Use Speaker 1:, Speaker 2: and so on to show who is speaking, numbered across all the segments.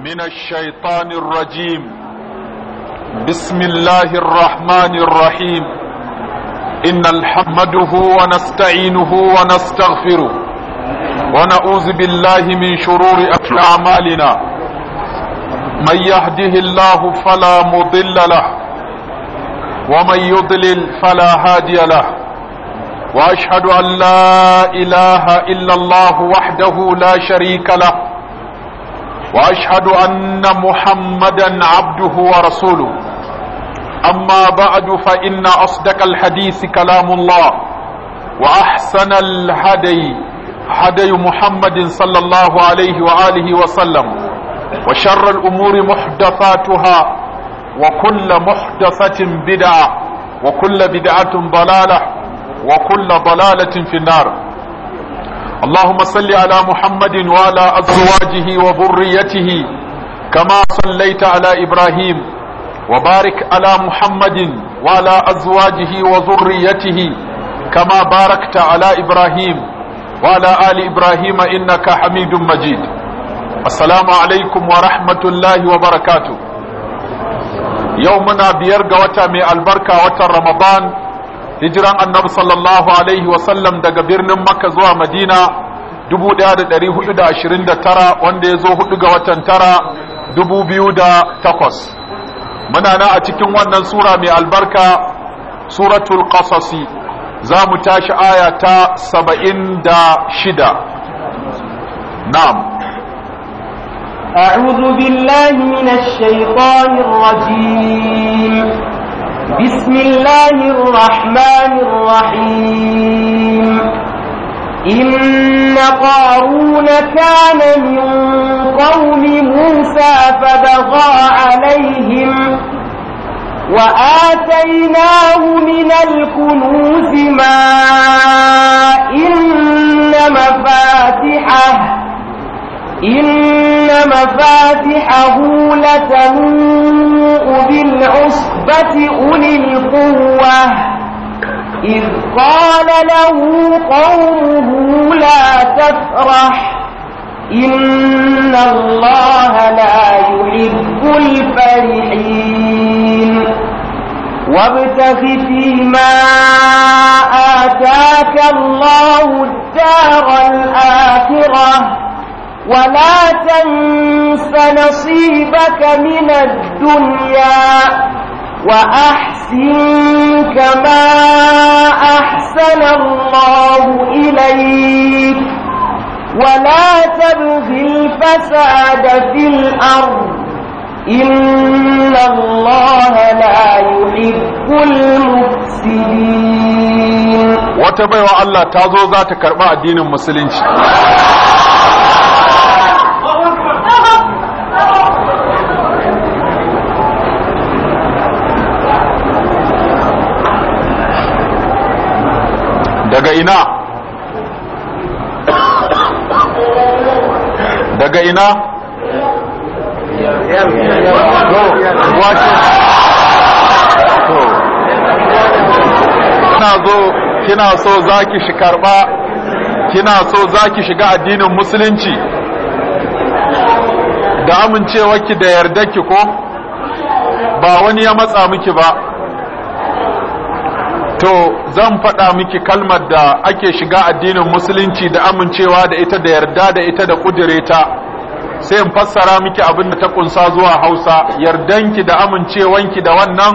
Speaker 1: من الشيطان الرجيم بسم الله الرحمن الرحيم إن الحمده ونستعينه ونستغفره ونعوذ بالله من شرور أعمالنا من يهده الله فلا مضل له ومن يضلل فلا هادي له وأشهد أن لا إله إلا الله وحده لا شريك له واشهد ان محمدا عبده ورسوله اما بعد فان اصدق الحديث كلام الله واحسن الهدي هدي محمد صلى الله عليه واله وسلم وشر الامور محدثاتها وكل محدثه بدعه وكل بدعه ضلاله وكل ضلاله في النار اللهم صل على محمد وعلى أزواجه وذريته كما صليت على إبراهيم وبارك على محمد وعلى أزواجه وذريته كما باركت على إبراهيم وعلى آل إبراهيم إنك حميد مجيد السلام عليكم ورحمة الله وبركاته يومنا بيرقى وتامي البركة وترمضان رمضان hijiran annabi sallallahu alaihi wasallam daga birnin makka zuwa madina 1429 wanda ya zo hudu ga watan tara 2008 muna na a cikin wannan sura mai albarka suratul qasasi za mu tashi aya ta 76 na'am
Speaker 2: أعوذ بالله من الشيطان الرجيم بسم الله الرحمن الرحيم إن قارون كان من قوم موسى فبغى عليهم وآتيناه من الكنوز ما إن مفاتحه إن مفاتحه لتنوء بالعسر الصحبة أولي القوة إذ قال له قومه لا تفرح إن الله لا يحب الفرحين وابتغ فيما آتاك الله الدار الآخرة ولا تنس نصيبك من الدنيا وأحسن كما أحسن الله إليك ولا تبغ الفساد في الأرض إن الله لا يحب المفسدين
Speaker 1: وتبعوا الله تازو ذات كرباء دين المسلمين ina daga ina kina zo kina so zaki shi karba kina so zaki shiga addinin musulunci da amincewa ki da yardaki ko ba wani ya matsa miki ba to zan faɗa miki kalmar da ake shiga addinin musulunci da amincewa da ita da yarda da ita da ƙudire sai in fassara miki abin da ta kunsa zuwa hausa yardanki da amincewanki da wannan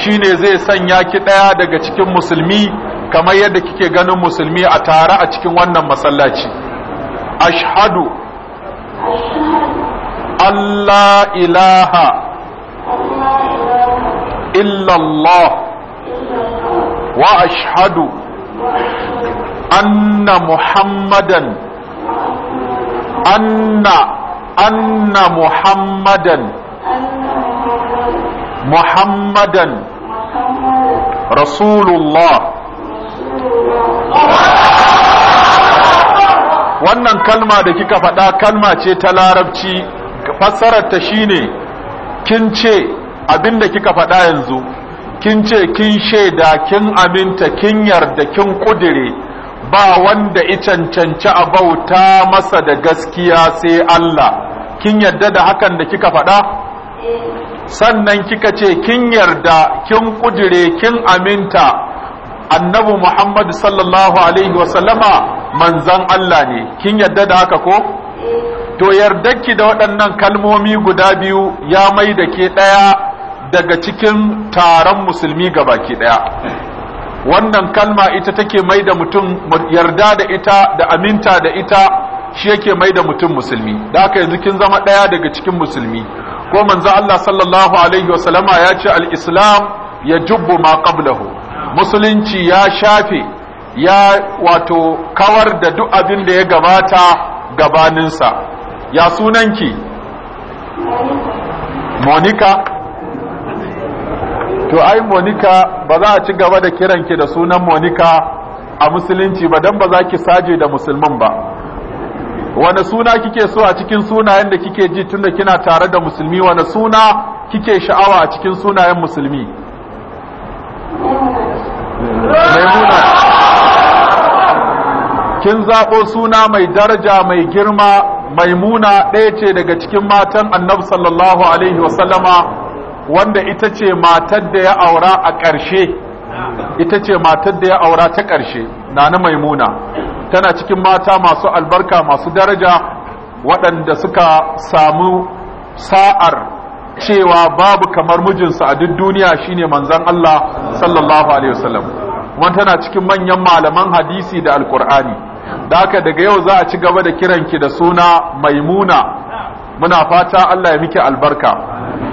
Speaker 1: shine zai sanya ki ɗaya daga cikin musulmi kamar yadda kike ganin musulmi a tare a cikin wannan masallaci ashhadu Allah ilaha illallah واشهد ان محمدا Muhammadan ان محمدا محمدا رسول الله wannan kalma da kika faɗa kalma ce ta larabci fassarar fassararta shine kin ce abinda kika faɗa yanzu kin ce kin shaida kin aminta kin yarda kin kudire ba wanda i cancanci a bauta masa da gaskiya sai Allah kin yarda da hakan da kika faɗa sannan kika ce kin yarda kin kudire kin aminta annabi Muhammad sallallahu alaihi wasallama manzan Allah ne kin yarda da haka ko to yardarki da waɗannan kalmomi guda biyu ya mai da ke ɗaya daga cikin taron musulmi ga baki ɗaya wannan kalma ita take mai da mutum yarda da ita da aminta da ita shi yake mai da mutum musulmi da aka yanzu kin zama ɗaya daga cikin musulmi ko manzo Allah sallallahu alaihi wa sallama ya ce al-islam ya jubbu ma qablahu musulunci ya shafe ya wato kawar da duk abin da ya gabata gabaninsa ya sunanki Monika. to ai monika ba za a ci gaba da kiran ki da sunan monika a musulunci ba don ba za ki saje da musulman ba wani suna kike so a cikin sunayen da kike ji tunda kina tare da musulmi wani suna kike sha'awa a cikin sunayen musulmi kin zaɓo suna mai daraja mai girma maimuna ɗaya ce daga cikin matan annabi sallallahu alaihi wasallama wanda ita ce matar da ya aura a ƙarshe ita ce matar da ya aura ta ƙarshe na nana maimuna tana cikin mata masu albarka masu daraja waɗanda suka samu sa'ar cewa babu kamar mijinsu a duk duniya shine manzon Allah sallallahu alaihi wasallam kuma tana cikin manyan malaman hadisi da alkur'ani da haka daga yau za a ci gaba da kiranki da suna maimuna muna fata Allah ya miki albarka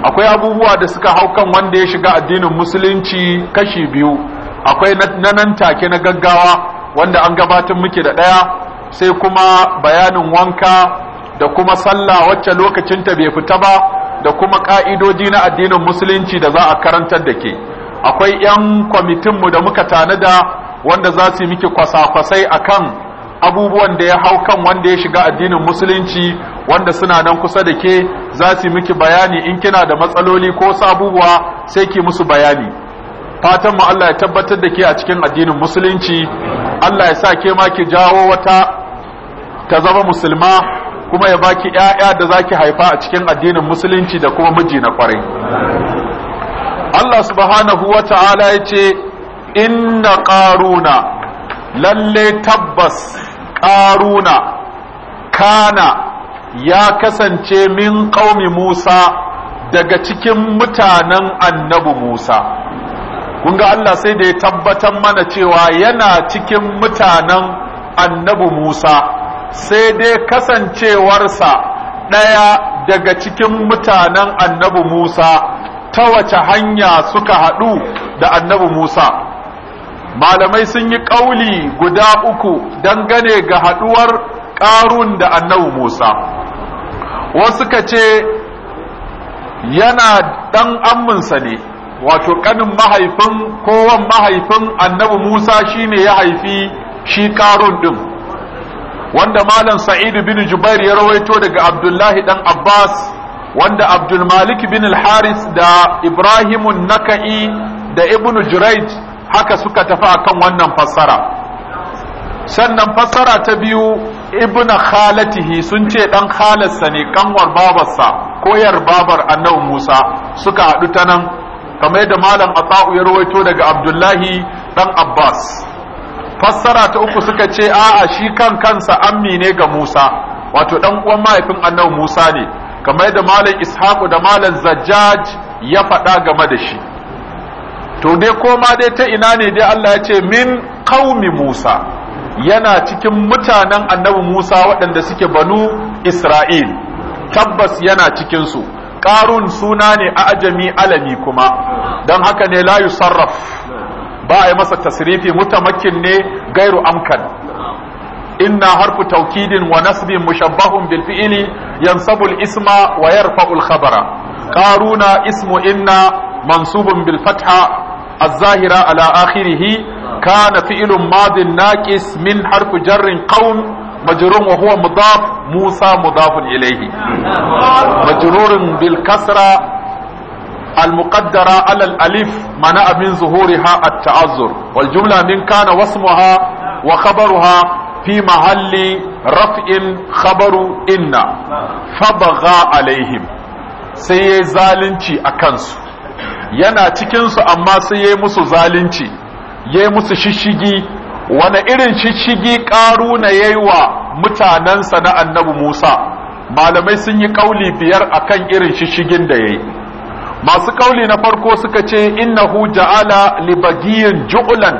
Speaker 1: akwai abubuwa da suka hau kan wanda ya shiga addinin musulunci kashi biyu akwai nanan take na gaggawa wanda an gabatar muke da ɗaya sai kuma bayanin wanka da kuma sallah wacce lokacinta bai fita ba da kuma ƙa'idoji na addinin musulunci da za a karantar da ke akwai 'yan kwamitinmu da muka tanada wanda za su yi miki kwasa-kwasai akan abubuwan da ya hau kan wanda ya shiga addinin musulunci wanda suna nan kusa da ke za su miki bayani in kina da matsaloli ko sabuwa sai ki musu bayani fatan mu Allah ya tabbatar da ke a cikin addinin musulunci Allah ya sa ke ma ki jawo wata ta zama musulma kuma ya baki ƴaƴa da zaki haifa a cikin addinin musulunci da kuma miji na kwarai Allah subhanahu wata'ala ya ce inna qaruna lalle tabbas haruna kana ya kasance min ƙaumi musa daga cikin mutanen annabi musa kun ga allah sai da ya tabbatar mana cewa yana cikin mutanen annabi musa sai dai kasancewarsa ɗaya daga cikin mutanen annabi musa ta wace hanya suka haɗu da annabi musa malamai sun yi ƙauli guda uku dangane ga haɗuwar karun da annabi Musa wasu ka ce yana ɗan amminsa ne wato ƙanin mahaifin kowan mahaifin annabi Musa shine ya haifi shi karun ɗin. wanda malam Sa'id bin Jubair ya rawaito daga Abdullahi ɗan Abbas wanda Abdulmalik bin Al-Haris da Ibrahimun Naka'i da Ibn Jurayj haka suka tafi akan wannan fassara sannan fassara ta biyu ibn khalatihi sun ce dan khalarsa ne kanwar babarsa koyar babar annabi Musa suka haɗu ta nan kamar yadda malam Ata'u ya rawaito daga Abdullahi dan Abbas fassara ta uku suka ce a'a shi kan kansa ammi ne ga Musa wato dan uwan mahaifin annabi Musa ne kamar yadda malam Ishaqu da malam Zajjaj ya faɗa game da shi to dai koma dai ta ina ne dai Allah ya ce min kaumi Musa yana cikin mutanen annabi Musa waɗanda suke banu Isra'il tabbas yana cikin su suna ne a ajami alami kuma don haka ne layu sarraf, ba a yi masa tasrifi mutamakin ne gairu amkan inna harfu taukidin wa nasbin mushabbahun bil fi'ili yansabul isma wa yarfa'u khabara qaruna ismu inna mansubun bil fatha الظاهرة على آخره كان فعل ماض ناقص من حرف جر قوم مجرور وهو مضاف موسى مضاف إليه مجرور بالكسرة المقدرة على الألف منع من ظهورها التعذر والجملة من كان واسمها وخبرها في محل رفع خبر إن فبغى عليهم سيزالنشي أكنسو yana cikinsu amma sai ya musu zalunci ya musu shishigi wani irin shishigi karu na yi wa mutanensa na annabi musa malamai sun yi ƙauli biyar a kan irin shishigin da ya yi masu ƙauli na farko suka ce innahu ja'ala libagiyin ju'ulan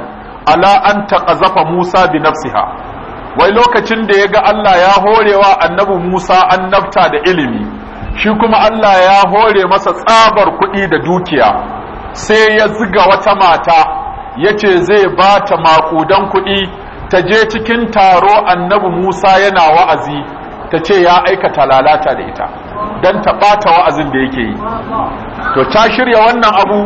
Speaker 1: ala an taqazafa musa bi nafsiha wai lokacin da ya ga allah ya horewa annabi musa annabta da ilimi shi kuma Allah ya hore masa tsabar kuɗi da dukiya sai ya ziga wata mata ya ce zai ba ta makudan kuɗi ta je cikin taro annabi Musa yana wa'azi ta ce ya aikata lalata da ita don ta ɓata wa'azin da yake yi to ta shirya wannan abu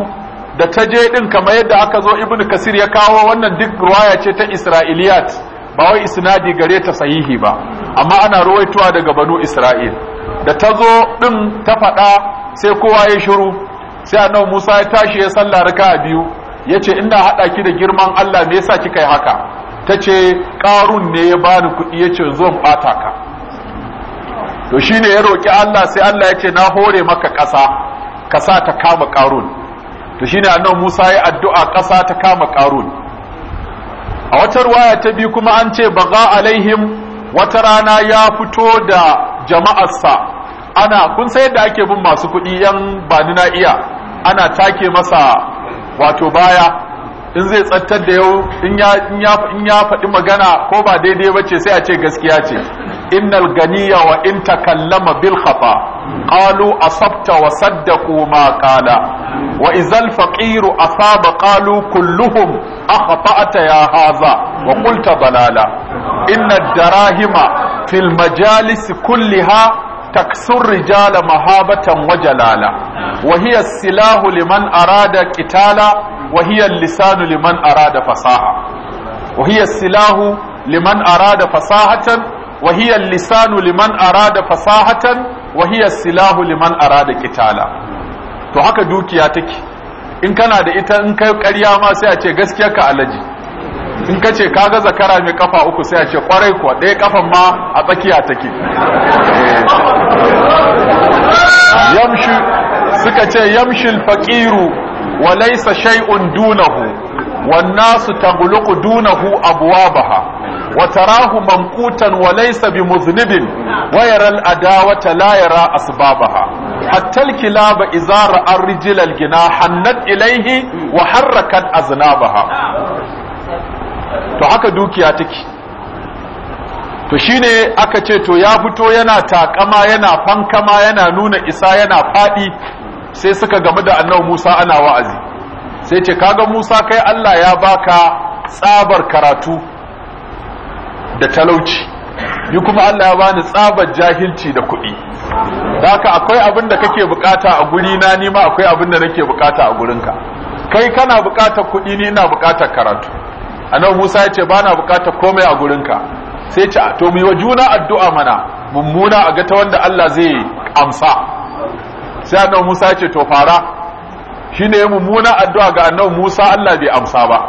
Speaker 1: da ta je ɗin kamar yadda aka zo ibn kasir ya kawo wannan duk ruwaya ce ta isra'iliyat ba wai isnadi gare ta sahihi ba amma ana ruwaitowa daga banu isra'il da ta zo ɗin ta faɗa sai kowa ya shiru sai annabi musa ya tashi ya salla raka biyu ya ce ina haɗa ki da girman allah me yasa kika yi haka ta ce ƙarun ne ya bani kuɗi ya ce zo ɓata ka to shine ya roƙi allah sai allah ya ce na hore maka ƙasa ƙasa ta kama ƙarun to shine annabi musa ya addu'a ƙasa ta kama ƙarun a wata ruwaya ta biyu kuma an ce baga alaihim wata rana ya fito da jama'arsa ana kun sai yadda ake bin masu kuɗi yan bani na iya ana take masa wato baya in zai tsattar da yau in ya in ya faɗi magana ko ba daidai ba ce sai a ce gaskiya ce innal ganiya wa in takallama bil khafa qalu asabta wa saddaqu ma qala wa izal faqiru asaba qalu kulluhum akhta'ta ya haza, wa qulta balala inna darahima fil majalis kulliha taksur rijala mahabatan wa jalala silahu liman arada da ƙitala, hiya lisanu liman arada fasaha wa silahu liman arada fasahatan wa hiya lisanu liman arada fasahatan wa silahu liman arada qitala to haka dukiya take in kana da ita in kai ƙarya ma sai a ce gaskiyar ka alaji in ka ce kaga zakara mai kafa uku sai a ce kwarai kuwa ɗaya kafan ma a tsakiya take eh. yamshi suka ce yamshi alfaqiru wa laysa shay'un dunahu wan nasu tagluqu dunahu abwabaha wa tarahu mamqutan wa laysa bimuznibin wa yara al-adawata la yara asbabaha hatta al-kilaba idza ra'a ar-rijla gina hannat ilayhi wa harrakat aznabaha to haka dukiya take to shine aka ce to ya fito yana takama yana fankama yana nuna isa yana fadi sai suka gamu da annabi Musa ana wa'azi sai ce kaga Musa kai Allah ya baka tsabar karatu da talauci ni kuma Allah ya bani tsabar jahilci da kuɗi haka akwai abin da kake bukata a guri na ni akwai abin da nake bukata a gurinka kai kana bukatar kuɗi ni ina bukatar karatu annabi Musa ya ce ba na bukatar komai a gurinka sai ya ce to mu yi wa juna addu'a mana mummuna a ga ta wanda Allah zai amsa sai annabi Musa ya ce to fara shine mummuna addu'a ga annabi Musa Allah bai amsa ba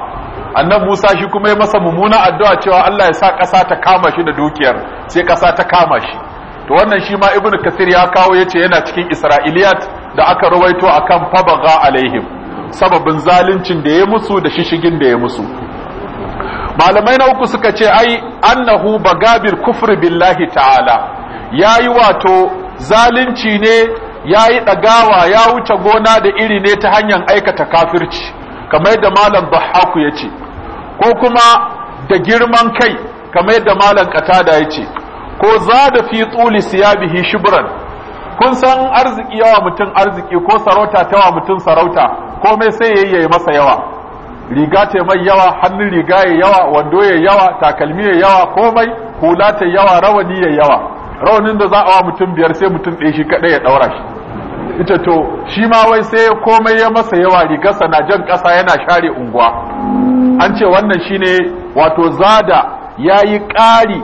Speaker 1: annabi Musa shi kuma ya masa mummuna addu'a cewa Allah ya sa ƙasa ta kama shi da dukiyar sai ƙasa ta kama shi to wannan shi ma ibnu kasir ya kawo yace yana cikin isra'iliyat da aka rawaito akan fabaga alaihim sababin zaluncin da ya musu da shishigin da ya musu malamai na uku suka ce ai annahu bagabil kufri billahi ta'ala yayi wato zalunci ne yayi dagawa ya wuce gona da iri ne ta hanyar aikata kafirci kamar yadda malam bahaku yace ko kuma da girman kai kamar da malam katada yace ce ko da fi tuli siyabihi shibran kun san arziki yawa mutum arziki ko sarauta tawa mutum sarauta komai sai yayyaye masa yawa riga ta mai yawa hannun riga ya yawa wando ya yawa takalmi ya yawa komai hula ta yawa rawani ya yawa rawanin da za a wa mutum biyar sai mutum ɗaya shi kaɗai ya ɗaura shi ita to shi ma wai sai komai ya masa yawa rigarsa na jan ƙasa yana share unguwa an ce wannan shine wato zada ya yi ƙari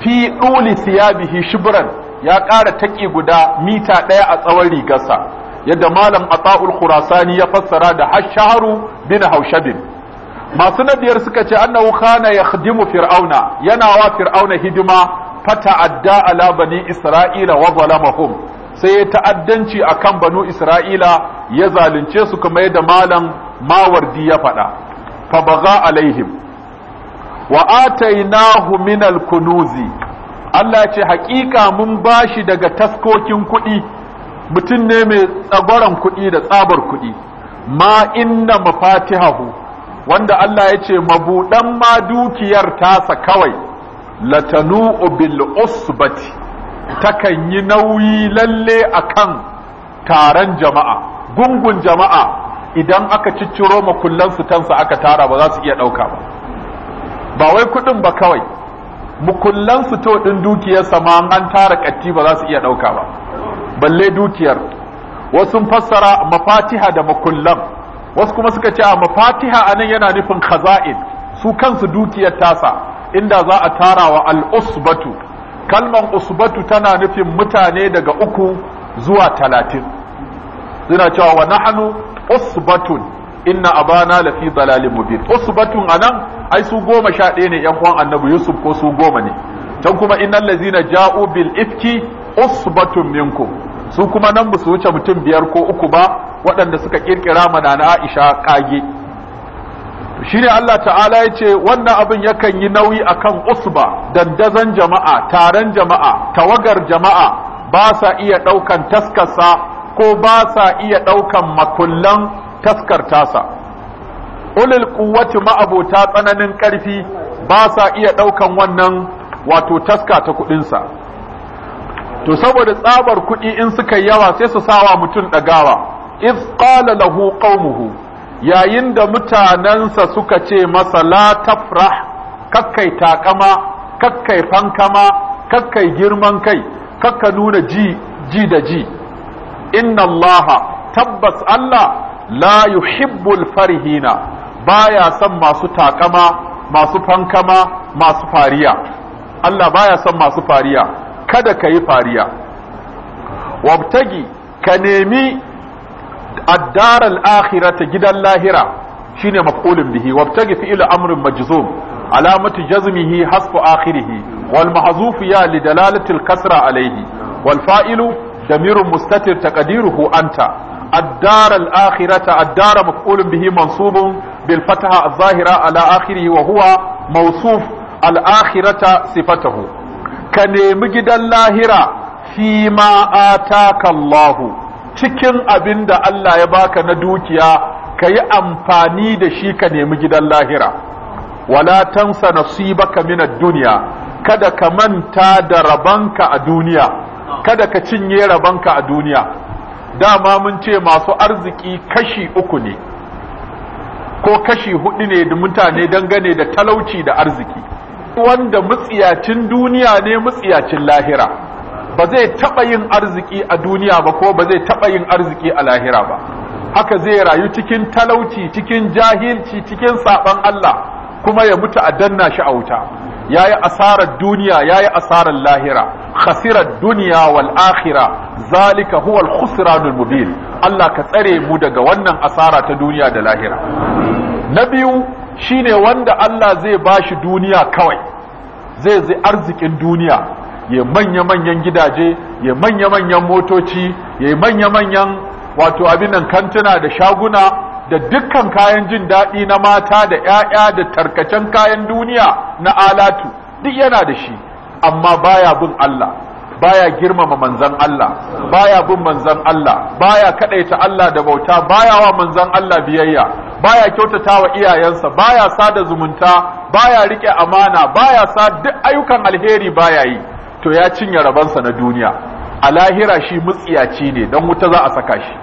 Speaker 1: fi ɗuli siyabihi shibran ya ƙara taƙi guda mita ɗaya a tsawon rigarsa yadda malam ata'ul khurasani ya fassara da hasharu bin haushabin masu nabiyar suka ce annahu kana yakhdimu fir'auna yana wa fir'auna hidima fata'adda ala bani isra'ila wa zalamahum sai ya ta'addanci akan banu isra'ila ya zalunce su kuma yadda malam mawardi ya faɗa fa baga alaihim wa atainahu min al-kunuzi Allah ce haƙiƙa mun bashi daga taskokin kuɗi mutum ne mai tsagoran kuɗi da tsabar kuɗi ma inna mafatihahu wanda Allah ya ce mabuɗan ma dukiyar tasa kawai latanu bil usbati takan yi nauyi lalle akan taron jama'a gungun jama'a idan aka cicciro su tansa aka tara ba za su iya ɗauka ba ba wai kuɗin ba kawai mukullansu to ɗin dukiyarsa ma an tara katti ba za su iya ɗauka ba balle dukiyar wasu fassara mafatiha da makullan wasu kuma suka ce a mafatiha anan yana nufin khaza'in su kansu dukiyar tasa inda za a tara wa al'usbatu kalman usbatu tana nufin mutane daga uku zuwa talatin suna cewa wa nahnu usbatun inna abana lafi dalalin mubin usbatun anan ai su goma sha ɗaya ne yan uwan annabi yusuf ko su goma ne can kuma innal ladzina ja'u bil ifki usbatun minkum su kuma nan ba su wuce mutum biyar ko uku ba waɗanda suka ƙirƙira mana na Aisha kage shine Allah ta'ala ya ce wannan abin yakan yi nauyi a kan usba dandazan jama'a taron jama'a tawagar jama'a ba sa iya ɗaukan taskarsa ko ba sa iya ɗaukan makullan taskar tasa ulul quwwati ma'abota tsananin ƙarfi ba sa iya ɗaukan wannan wato taska ta kuɗinsa to saboda tsabar kuɗi in suka yawa sai su sawa mutum ɗagawa if qala lahu qaumuhu yayin da mutanansa suka ce masa la tafrah kakkai takama kakkai fankama kakkai girman kai kakka nuna ji ji da ji inna allaha tabbas allah la yuhibbul farihina baya son masu takama masu fankama masu fariya Allah baya son masu fariya kada ka yi fariya wabtagi ka nemi addar al gidan lahira shine maf'ulin bihi wabtagi fi'lu amrin majzum alamatu jazmihi hasfu akhirihi, wal mahzuf ya li dalalati kasra alaihi wal fa'ilu damirun mustatir taqdiruhu anta addar al-akhirata addar maf'ulun bihi mansubun bil fataha az-zahira ala akhirih wa huwa mawsuf al-akhirata ka nemi gidan lahira fi ma ataka Allahu cikin abin da Allah ya baka na dukiya ka yi amfani da shi ka nemi gidan lahira wala tansa nasibaka min ad-dunya kada ka manta da rabanka a duniya kada ka cinye rabanka a duniya dama mun ce masu arziki kashi uku ne ko kashi hudu ne da mutane dangane da talauci da arziki wanda mutsiyacin duniya ne mutsiyacin lahira ba zai taɓa yin arziki a duniya ba ko ba zai taɓa yin arziki a lahira ba haka zai rayu cikin talauci cikin jahilci cikin saɓan Allah kuma ya mutu a danna shi a wuta ya yi asarar duniya ya yi asarar lahira khasirar duniya wal akhira zalika huwal khusranul mubin Allah ka tsare mu daga wannan asara ta duniya da lahira na biyu shine wanda Allah zai ba shi duniya kawai zai zai arzikin duniya ya manya-manyan gidaje ya manya-manyan motoci ya manya-manyan wato abinan kantuna da shaguna da dukkan kayan jin daɗi na mata da ‘ya'ya da tarkacen kayan duniya na alatu duk yana da shi amma baya bin Allah baya girmama manzan Allah baya bin manzan Allah baya kadaita Allah da bauta baya wa manzan Allah biyayya baya kyautata wa iyayensa baya sada zumunta baya rike amana baya sa duk ayyukan alheri baya yi to ya cinye rabansa na duniya a lahira shi mutsiyaci ne dan wuta za a saka shi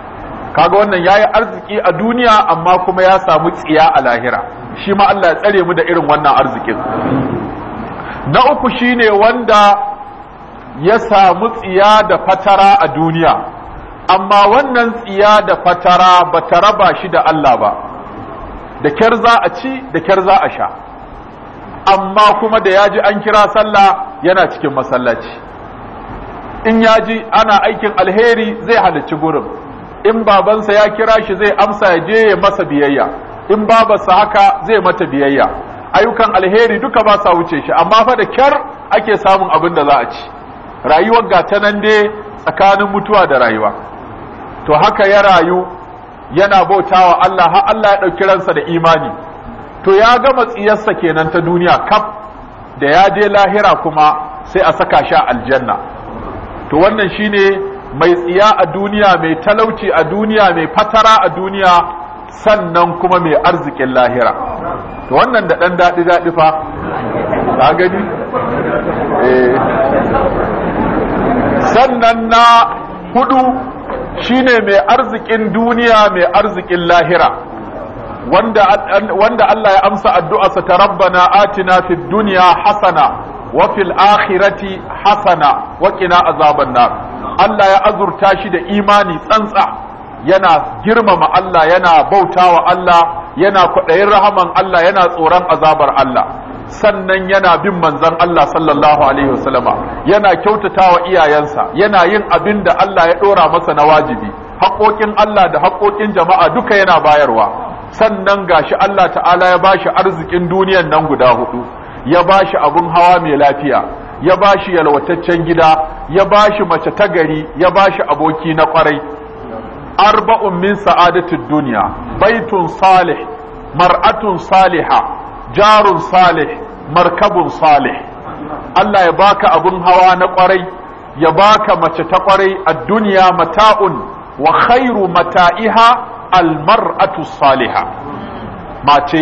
Speaker 1: kaga wannan yayi arziki a duniya amma kuma ya samu tsiya a lahira shi ma Allah ya tsare mu da irin wannan arzikin na uku shine wanda ya samu tsiya da fatara a duniya amma wannan tsiya da fatara ba ta raba shi da Allah ba da kyar za a ci da kyar za a sha amma kuma da ya ji an kira sallah yana cikin masallaci in ya ji ana aikin alheri zai halarci gurin in babansa ya kira shi zai amsa ya je ya masa biyayya in babansa haka zai mata biyayya ayyukan alheri duka ba sa wuce shi amma fa da kyar ake samun abin da za a ci rayuwar gata nan dai tsakanin mutuwa da rayuwa to haka ya rayu yana bautawa Allah har Allah ya ɗauki ransa da imani to ya gama tsiyarsa kenan ta duniya kaf da ya je lahira kuma sai a saka shi aljanna to wannan shine mai tsiya a duniya mai talauci a duniya mai fatara a duniya sannan kuma mai arzikin lahira to wannan da ɗan daɗi daɗi fa ka gani eh sannan na hudu shine mai arzikin duniya mai arzikin lahira wanda wanda Allah ya amsa addu'arsa ta rabbana atina fid dunya hasana wa fil akhirati hasana wa qina azaban nar Allah ya azurta shi da imani tsantsa yana girmama Allah yana bautawa Allah yana kwaɗayin rahaman Allah yana tsoron azabar Allah sannan yana bin manzon Allah sallallahu alaihi wasallama yana kyautatawa iyayensa yana yin abin da Allah ya ɗora masa na wajibi haƙoƙin Allah da haƙoƙin jama'a duka yana bayarwa sannan ga shi Allah ta'ala ya bashi arzikin duniyan nan guda hudu ya bashi abun hawa mai lafiya ya bashi yalwataccen gida ya bashi mace ta gari ya bashi aboki na kwarai arba'un min sa'adatid duniya, baitun salih mar'atun Saliha. jarun salih markabun salih Allah ya baka abun hawa na kwarai ya baka mace ta kwarai a duniya mata'un wa khairu mata'iha almar'atu saliha mace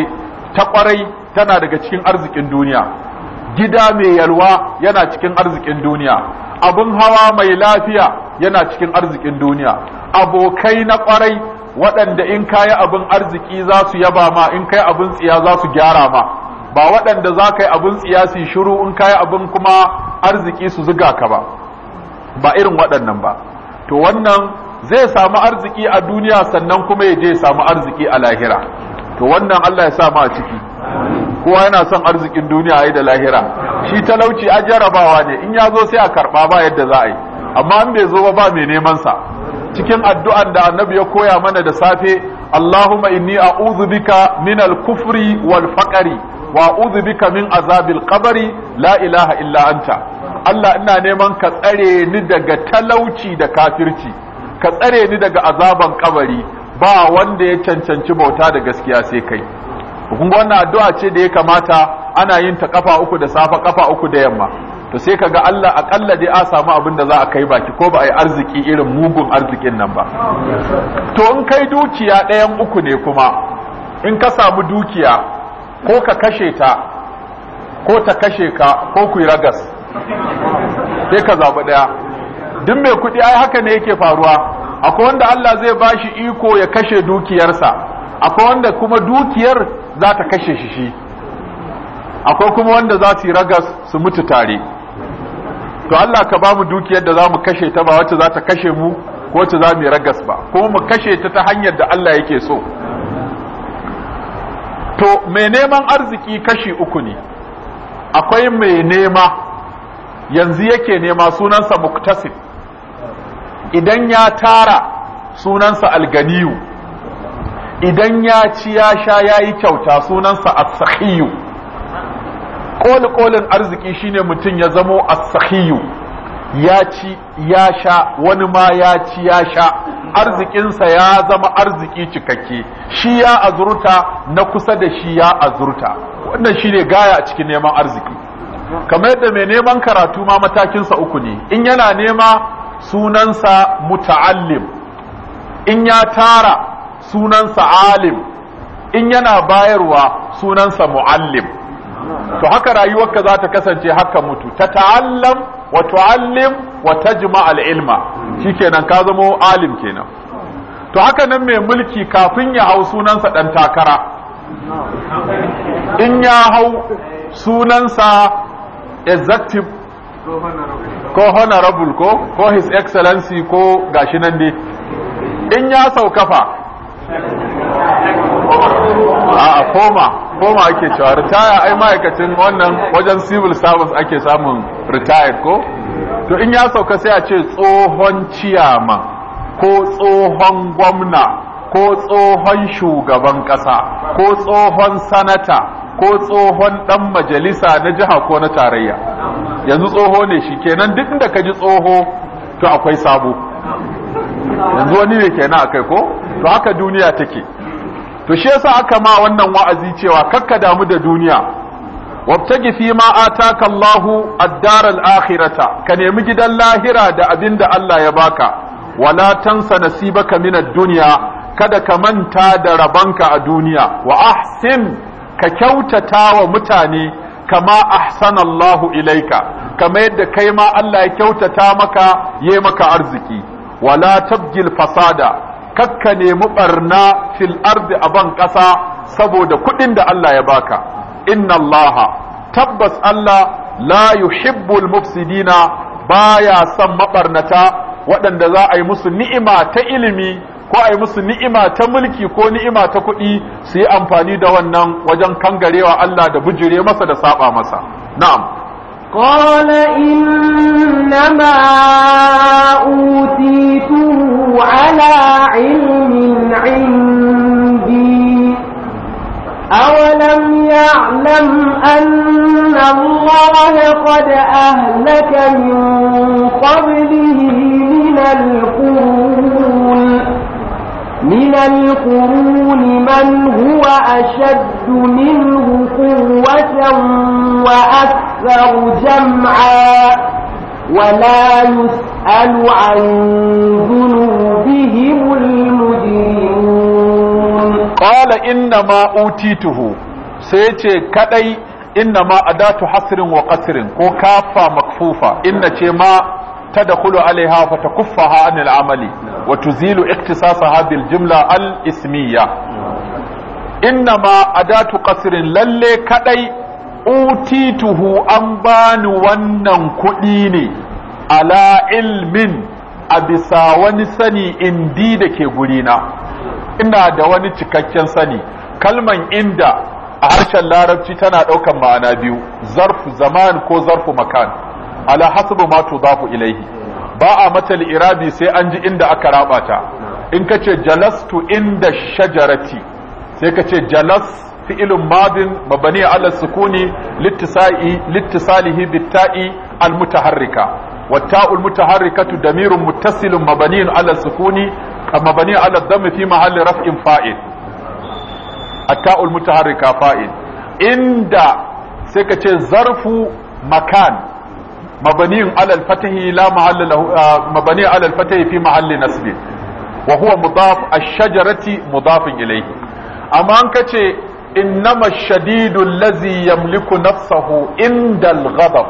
Speaker 1: ta kwarai tana daga cikin arzikin duniya gida mai yalwa yana cikin arzikin duniya abun hawa mai lafiya yana cikin arzikin duniya abokai na kwarai waɗanda in kayi abin arziki za su yaba ma in kai abin tsiya za su gyara ma ba waɗanda za ka yi abin tsiya su shiru in kayi abin kuma arziki su zuga ka ba ba irin waɗannan ba to wannan zai samu arziki a duniya sannan kuma ya je samu arziki a lahira to wannan Allah ya sa ma a ciki kowa yana son arzikin duniya yayi da lahira shi talauci a jarabawa ne in ya zo sai a karɓa ba yadda za a yi amma in bai zo ba ba mai neman sa cikin addu'an da annabi ya koya mana da safe Allahumma inni a bika min al-kufri wal faƙari wa a'udhu bika min azabil ƙabari, la ilaha illa anta Allah ina neman ka tsare ni daga talauci da kafirci ka tsare ni daga azaban ƙabari, ba wanda ya cancanci bauta da gaskiya sai kai kun wannan addu'a ce da ya kamata ana yin ta kafa uku da safa kafa uku da yamma to sai kaga Allah akalla dai a samu abin da za a kai baki ko ba a yi arziki irin mugun arzikin nan ba to in kai dukiya ɗayan uku ne kuma in ka samu dukiya ko ka kashe ta ko ta kashe ka ko ku ragas sai ka zaɓi ɗaya duk mai kuɗi ai haka ne yake faruwa akwai wanda Allah zai bashi iko ya kashe dukiyarsa akwai wanda kuma dukiyar za ta kashe shi shi akwai kuma wanda za su yi ragas su mutu tare to Allah ka ba mu dukiyar da za mu kashe ta ba wacce za ta kashe mu ko wacce za mu yi ragas ba ko mu kashe ta ta hanyar da Allah yake so to mai neman arziki kashi uku ne akwai mai nema yanzu yake nema sunansa muktasib idan ya tara sunansa alganiyu idan ya ci ya sha yayi kyauta sunansa asahiyu koli kolin arziki shine mutum ya zamo a sahiyu ya ci ya sha wani ma ya ci ya sha arzikinsa ya zama arziki cikakke shi ya azurta na kusa da shi ya azurta wannan shine gaya a cikin neman arziki kamar yadda mai neman karatu ma matakinsa uku ne in yana nema sunansa muta'allim in ya tara sunansa alim in yana bayarwa sunansa mu'allim to haka rayuwarka za ta kasance haka mutu ta ta'allam wa tu'allim wa tajma al-ilma shikenan ka zamo alim kenan to haka nan mai mulki kafin ya hau sunansa dan takara in ya hau sunansa executive ko honorable ko ko his excellency ko gashi nan dai in ya saukafa a a koma koma ake cewa ritaya ai ma'aikacin wannan wajen civil service ake samun ritaya ko to in ya sauka sai a ce tsohon ciyama ko tsohon gwamna ko tsohon shugaban ƙasa ko tsohon sanata ko tsohon ɗan majalisa na jiha ko na tarayya yanzu tsoho ne shi kenan duk da ka ji tsoho to akwai sabo yanzu wani ne kenan akai ko to haka duniya take to shi yasa aka ma wannan wa'azi cewa kakka damu da duniya wabtagi fi ma ataka Allahu ad-dar al-akhirata ka nemi gidan lahira da abin da Allah ya baka wala tansa nasibaka min ad-dunya kada ka manta da rabanka a duniya wa ahsin ka kyautata wa mutane kama ahsana Allahu ilaika kama yadda kai ma Allah ya kyautata maka yayi maka arziki wala tabgil fasada kakka nemi barna fil ardi a ban ƙasa saboda kuɗin da Allah ya baka inna allaha tabbas Allah la yuhibbul mufsidina baya son mabarnata waɗanda za a yi musu ni'ima ta ilimi ko a yi musu ni'ima ta mulki ko ni'ima ta kuɗi su yi amfani da wannan wajen kangarewa Allah da bujire masa da saba masa na'am
Speaker 2: قال إنما أوتيته على علم عندي أولم يعلم أن الله قد أهلك من قبله من القرون من القرون من هو أشد منه قوة وأكثر جمعا ولا يسأل عن ذنوبهم المجرمون
Speaker 1: قال إنما أوتيته سيتي كدي إنما أداة حصر وقصر كوكافة مكفوفة إن ما تدخل عليها فتكفها عن العمل وتزيل اختصاصها بالجملة الاسمية إنما أداة قصر للي كدي أوتيته أنبان ونن كديني على علم أبسا ونسني إنديدك يقولين إنا دواني تككين سني kalman inda a harshen larabci tana ɗaukan ma'ana biyu zarfu zaman ko zarfu makan ala hasbu ma tudafu ilayhi ba a mata irabi sai an ji inda aka raba ta in ce jalastu inda shajarati sai ka ce jalas fi'ilun madin mabani ala sukuni littisai littisalihi bitta'i almutaharrika والتاء المتحركة دمير متصل مبني على السكون مبني على الضم في محل رفع فائل التاء المتحركة فائل عند سكتش ظرف مكان مبني على الفتح لا محل له مبني على الفتح في محل نصب وهو مضاف الشجرة مضاف إليه أما أنك إنما الشديد الذي يملك نفسه عند الغضب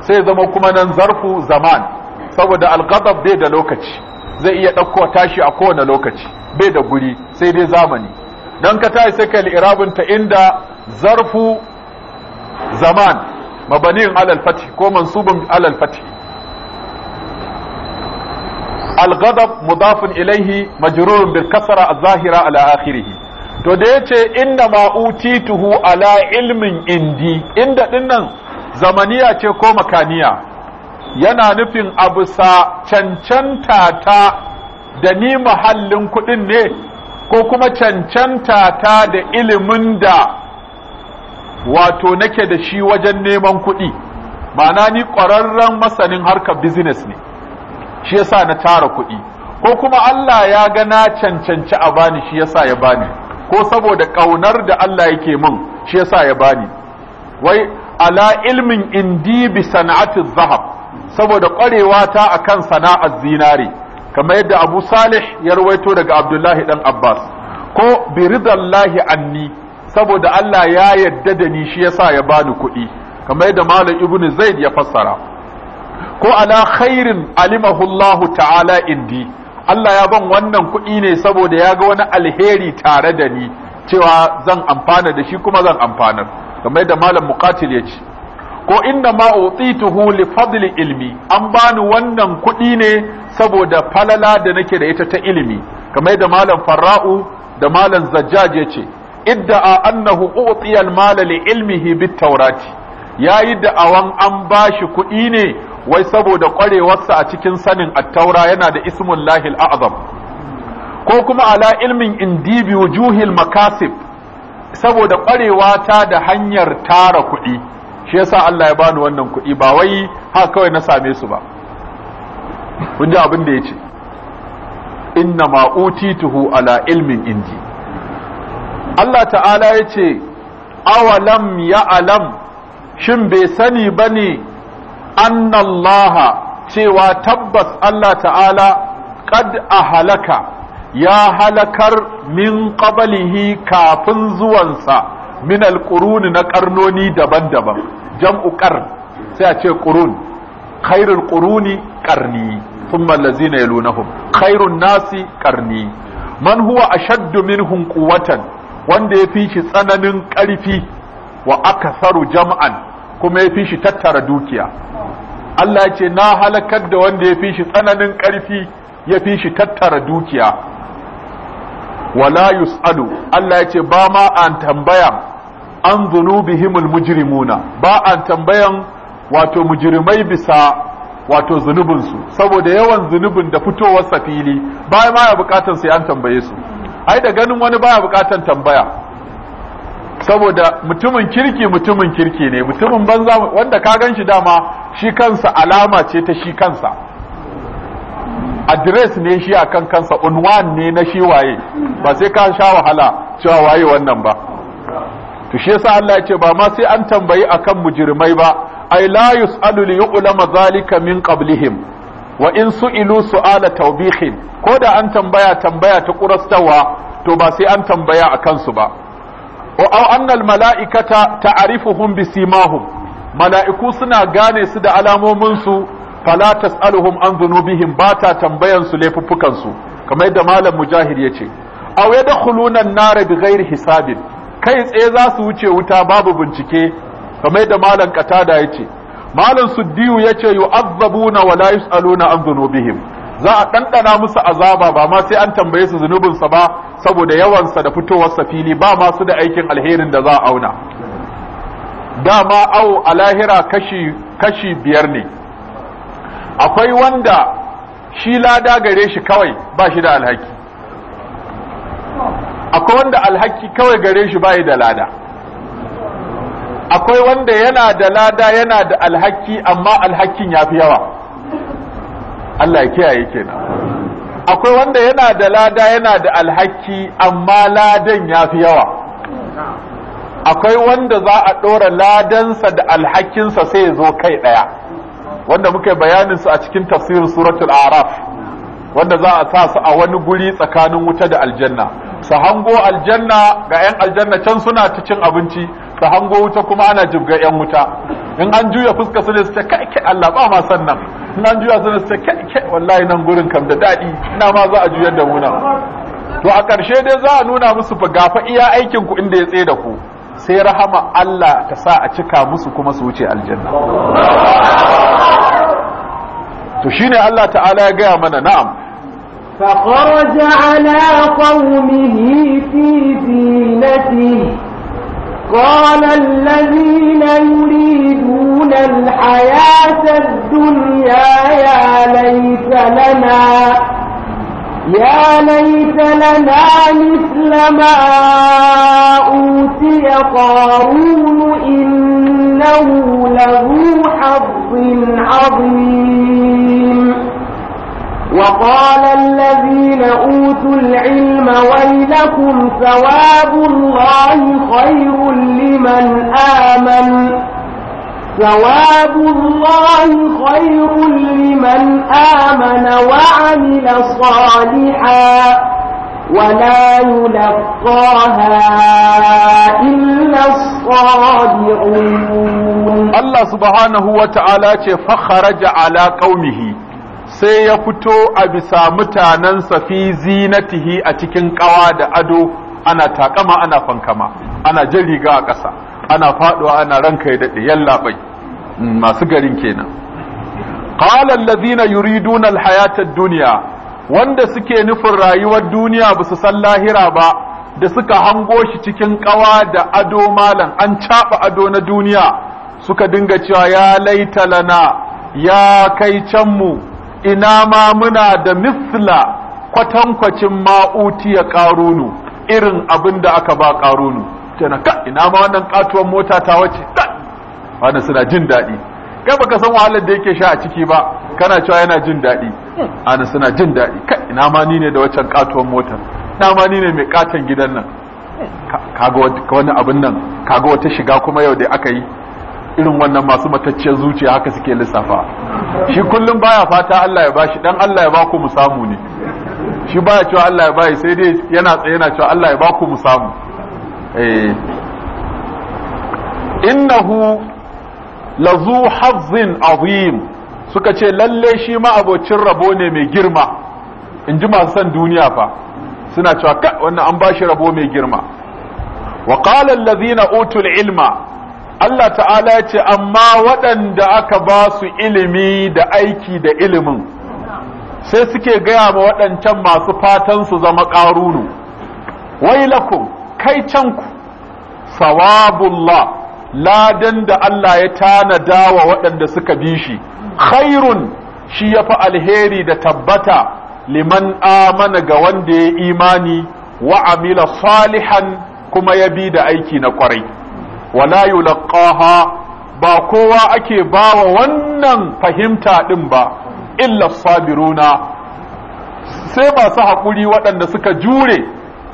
Speaker 1: سيزم كما ننظرف زمان سوى الغضب بيد لوكتش zai iya ɗauko tashi a kowane lokaci bai da guri sai dai zamani don ka tashi sai ka li'irabinta inda zarfu zaman mabanin alal fathi ko mansubun alal fathi الغضب مضاف إليه مجرور بالكسرة الظاهرة على آخره to da yace inna ma utituhu ala ilmin indi inda dinnan zamaniya ce ko makaniya yana nufin abu sa cancanta ta da ni mahallin kudin ne ko kuma cancanta ta da ilimin da wato nake da shi wajen neman kuɗi ma'ana ni ƙwararren masanin harkar business ne shi yasa na tara kuɗi ko kuma Allah ya ga na cancanci a bani shi yasa ya bani ko saboda ƙaunar da Allah yake min shi yasa ya bani wai ala ilmin indi bi sana'ati zahab saboda ƙwarewa ta akan sana'ar zinare kamar yadda Abu Salih ya rawaito daga Abdullahi dan Abbas ko bi ridallahi anni saboda Allah ya yadda da ni shi yasa ya bani kuɗi kamar yadda malam ibnu zaid ya fassara ko ala khairin alimahu Allah ta'ala indi Allah ya ban wannan kuɗi ne saboda ya ga wani alheri tare da ni cewa zan amfana da shi kuma zan amfana. kamar yadda malam muqatil ya ce ko inna ma utituhu li fadli ilmi an bani wannan kuɗi ne saboda falala da nake da ita ta ilimi kamar yadda malam farra'u da malam zajjaj ya ce Idda a annahu utiya al-mal li ilmihi bit taurati yayi da'awan an bashi kuɗi ne wai saboda kwarewarsa a cikin sanin at-taura yana da ismun lahil a'zam ko kuma ala ilmin indi bi wujuhil makasib saboda kwarewa ta da hanyar tara kuɗi shi yasa Allah ya bani wannan kuɗi ba wai ha kawai na same su ba kun ji abin da yace inna ma utituhu ala ilmin indi Allah ta'ala ya ce awalam alam shin bai sani bane annanlaha cewa tabbas Allah ta'ala a halaka ya halakar min qablihi kafin zuwansa min kuruni na karnoni daban-daban Jam'uƙar sai a ce qurun khairul quruni qarni thumma allazina yalunahum khairun nasi ƙarni. man huwa ashaddu minhum quwwatan wanda ya fi shi tsananin ƙarfi wa akasaru jama'an kuma ya fi shi tattara dukiya Allah ce na halakar da wanda ya fi shi tsananin ƙarfi ya fi shi tattara dukiya wala yus'alu Allah ya ce ba ma an tambaya an zunubihimul mujrimuna ba an tambayan wato mujrimai bisa wato zunubinsu saboda yawan zunubin da fitowar fili ba ma ya bukatar sai an tambaye su ai da ganin wani baya bukatan tambaya saboda mutumin kirki mutumin kirki ne mutumin banza wanda ka gan shi dama shi kansa alama ce ta shi kansa address ne shi akan kansa unwan ne na shi waye ba sai ka sha wahala cewa waye wannan ba to shi yasa Allah ya ce ba ma sai an tambayi akan mujrimai ba ai la yusalu li yu'lama zalika min qablihim wa in su'ilu su'ala tawbihin ko da an tambaya tambaya ta kurastawa to ba sai an tambaya a kansu ba wa aw annal mala'ikata ta'rifuhum simahum mala'iku suna gane su da alamomin su fala tas'aluhum an dhunubihim ba ta tambayan su laifuffukan su kamar yadda malam mujahid yace aw yadkhuluna an-nar ghairi hisabin kai tsaye za su wuce wuta babu bincike kamar yadda malam katada yace malam suddiyu yace yu'azzabuna wa la yus'aluna an dhunubihim za a dandana musu azaba ba ma sai an tambaye su zunubin sa ba saboda yawan sa da fitowar sa fili ba ma su da aikin alherin da za a auna dama au a lahira kashi kashi biyar ne akwai wanda shi lada gare shi kawai ba shi da alhaki akwai wanda alhaki kawai gare shi bai da lada akwai wanda yana da lada yana da alhaki amma alhakin ya fi yawa Allah ya kiyaye kenan akwai wanda yana da lada yana da alhaki amma ladan ya fi yawa akwai wanda za a ɗora ladansa da alhakinsa sai ya zo kai ɗaya wanda muka yi bayaninsu a cikin tafsirin suratul araf wanda za a sa su a wani guri tsakanin wuta da aljanna su hango aljanna ga 'yan aljanna can suna ta cin abinci su hango wuta kuma ana jibga 'yan wuta in an juya fuska su ne su ce kai Allah ba ma san nan in an juya su ne su ce kai wallahi nan gurin kam da daɗi ina ma za a juya da mu to a ƙarshe dai za a nuna musu fa gafa iya aikin ku inda ya tsaye da ku sai rahama Allah ta sa a cika musu kuma su wuce aljanna to shine Allah ta'ala ya gaya mana na'am
Speaker 2: فخرج على قومه في زينته قال الذين يريدون الحياة الدنيا يا ليت لنا يا ليت لنا مثل ما أوتي قارون إنه له حظ عظيم
Speaker 1: وقال
Speaker 2: الذين أوتوا العلم ويلكم ثواب الله خير لمن آمن ثواب الله خير لمن آمن وعمل صالحا ولا يلقاها إلا الصادعون الله سبحانه
Speaker 1: وتعالى فخرج على قومه sai ya fito a bisa mutanensa fi zinatihi a cikin kawa da ado ana takama ana fankama ana jan riga a ƙasa ana faɗuwa ana ranka ya daɗe yallaɓai mm, masu garin kenan qala allazina yuriduna alhayata ad-dunya wanda suke nufin rayuwar duniya ba su san lahira ba da suka hango shi cikin kawa da ado malam an caba ado na duniya suka dinga cewa ya laita lana ya kai can ina ma muna da misla kwatankwacin ma'utiya nu irin abin da aka ba karunu tana ka ina ma wannan katuwar mota ta wace wannan suna jin daɗi kai baka san wahalar da yake sha a ciki ba kana cewa yana jin daɗi ana suna jin daɗi kai ina ma ni ne da waccan katuwar motar ina ma ni ne mai katon gidan nan kaga wani abin nan kaga wata shiga kuma yau da aka yi irin wannan masu matacciyar zuciya haka suke lissafa shi kullum baya fata Allah ya bashi dan Allah ya baku mu samu ne shi baya cewa Allah ya bayi sai dai yana tsaye yana cewa Allah ya baku mu samu eh innahu lazu hazzin azim suka ce lalle shi ma abocin rabo ne mai girma in ji masu san duniya fa suna cewa ka wannan an bashi rabo mai girma wa qala allazina utul ilma Allah ta'ala ya ce amma waɗanda aka ba su ilimi da aiki da ilimin sai suke gaya ma waɗancan masu fatan su zama ƙarunu wailakum kai can ku sawabullah ladan da Allah ya tanada wa waɗanda suka bi shi khairun shi ya fi alheri da tabbata liman amana ga wanda ya imani wa amila salihan kuma ya bi da aiki na kwarai wala yulqaha ba kowa ake bawa wannan fahimta din ba illa sabiruna sai masu haƙuri waɗanda suka jure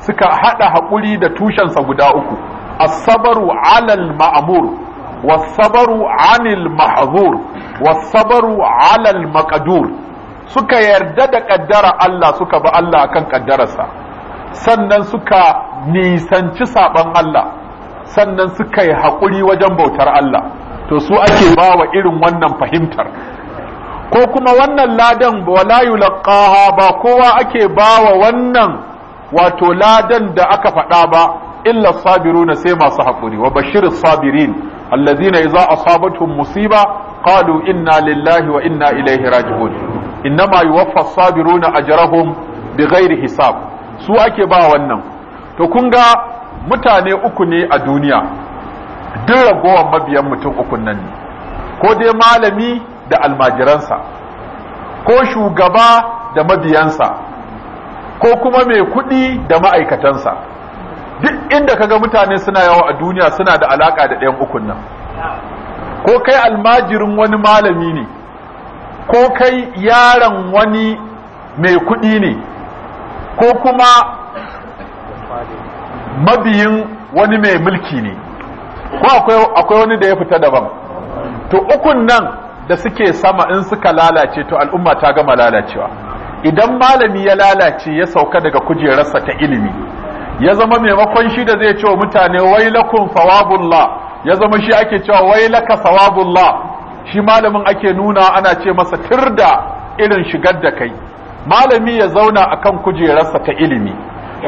Speaker 1: suka haɗa haƙuri da tushensa guda uku as-sabaru 'alal ma'mur was-sabaru 'anil mahzur was-sabaru maqdur suka yarda da kaddara Allah suka ba Allah akan kaddararsa sannan suka nisanci saban Allah sannan suka yi haƙuri wajen bautar Allah to su ake ba wa irin wannan fahimtar ko kuma wannan ladan wala yulqaha ba kowa ake ba wa wannan wato ladan da aka faɗa ba illa sabiruna sai masu haƙuri wa bashir sabirin allazina idza asabatuhum musiba qalu inna lillahi wa inna ilaihi raji'un innama yuwaffa sabiruna ajrahum bighairi hisab su ake ba wannan to kun ga mutane uku ne a duniya duk ragowar mabiyan mutum uku nan ne ko dai malami da almajiransa ko shugaba da mabiyansa ko kuma mai kuɗi da ma'aikatansa duk inda kaga mutane suna yawa a duniya suna da alaka da ɗayan ukun nan ko kai almajirin wani malami ne ko kai yaron wani mai kuɗi ne ko kuma mabiyin wani mai mulki ne ko akwai wani da ya fita daban to ukun nan da suke sama in suka lalace to al'umma ta gama lalacewa idan malami ya lalace ya sauka daga kujerarsa ta ilimi ya zama maimakon shi da zai cewa mutane wailakun fawabullah ya zama shi ake cewa wailaka sawabullah shi malamin ake nuna ana ce masa tirda irin shigar da kai malami ya zauna akan kujerarsa ta ilimi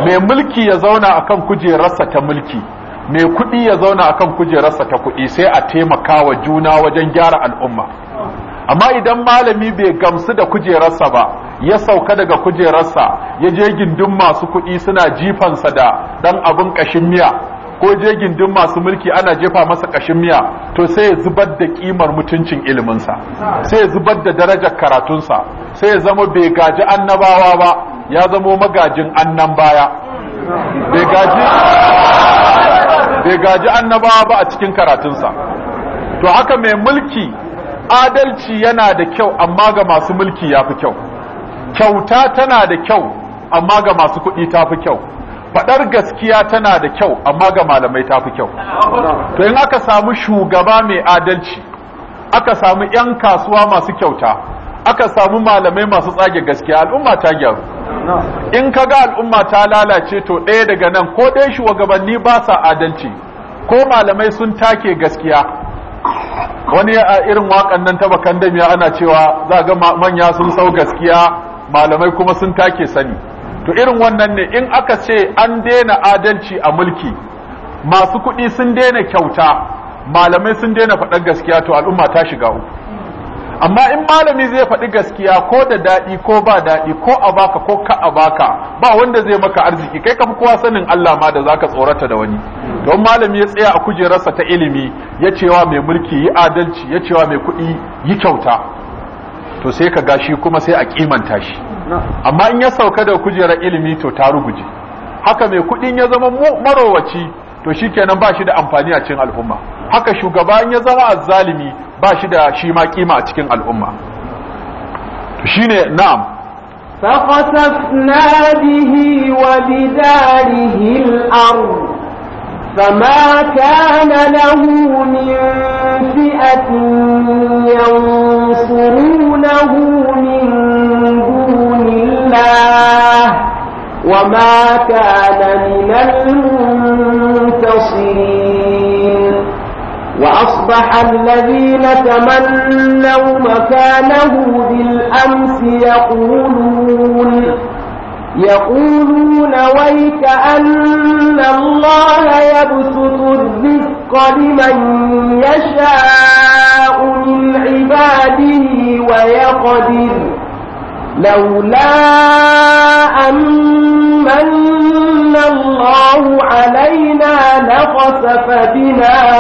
Speaker 1: mai mulki ya zauna akan kujerarsa ta mulki mai kuɗi ya zauna akan kujerarsa ta kuɗi sai a taimaka wa juna wajen gyara al'umma amma idan malami bai gamsu da kujerarsa ba ya sauka daga kujerarsa ya je gindin masu kuɗi suna jifansa da dan abin ƙashin miya ko je gindin masu mulki ana jefa masa ƙashin miya to sai ya zubar da ƙimar mutuncin iliminsa sai ya zubar da darajar karatunsa sai ya zama bai gaji annabawa ba ya zamo magajin annan baya bai gaji annabawa ba a cikin karatunsa to haka mai mulki adalci yana da kyau amma ga masu mulki ya fi kyau kyauta tana da kyau amma ga masu kuɗi ta fi kyau faɗar gaskiya tana da kyau amma ga malamai ta fi kyau to in aka samu shugaba mai adalci aka samu 'yan kasuwa masu kyauta aka samu malamai masu tsage gaskiya al'umma ta gyaru in ka ga al'umma ta lalace to ɗaya daga nan ko ɗaya gabanni ba sa adalci ko malamai sun take gaskiya wani a irin waƙan nan ta bakan damiya ana cewa za ga manya sun sau gaskiya malamai kuma sun take sani to irin wannan ne in aka ce an daina adalci a mulki masu kuɗi sun daina kyauta malamai sun daina faɗar gaskiya to al'umma ta shiga uku amma in malami zai faɗi gaskiya ko da daɗi ko ba daɗi ko a baka ko ka a baka ba wanda zai maka arziki kai ka fi kowa sanin Allah ma da zaka tsorata da wani don malami ya tsaya a kujerarsa ta ilimi ya cewa mai mulki yi adalci ya cewa mai kuɗi yi kyauta to sai ka gashi kuma sai a kimanta shi amma in ya sauka da kujerar ilimi to ta ruguje haka mai kuɗin ya zama marowaci to shikenan ba shi da amfani a cikin al'umma haka shugaban ya zama zalimi ba shi da shi ma kima a cikin al'umma to shine na'am فخسفنا به وبداره الأرض
Speaker 2: فما كان له من فئة ينصرونه من دون الله أصبح الذين تمنوا مكانه بالأمس يقولون يقولون ويك أن الله يبسط الرزق لمن يشاء من عباده ويقدر لولا أن من الله علينا لخسف بنا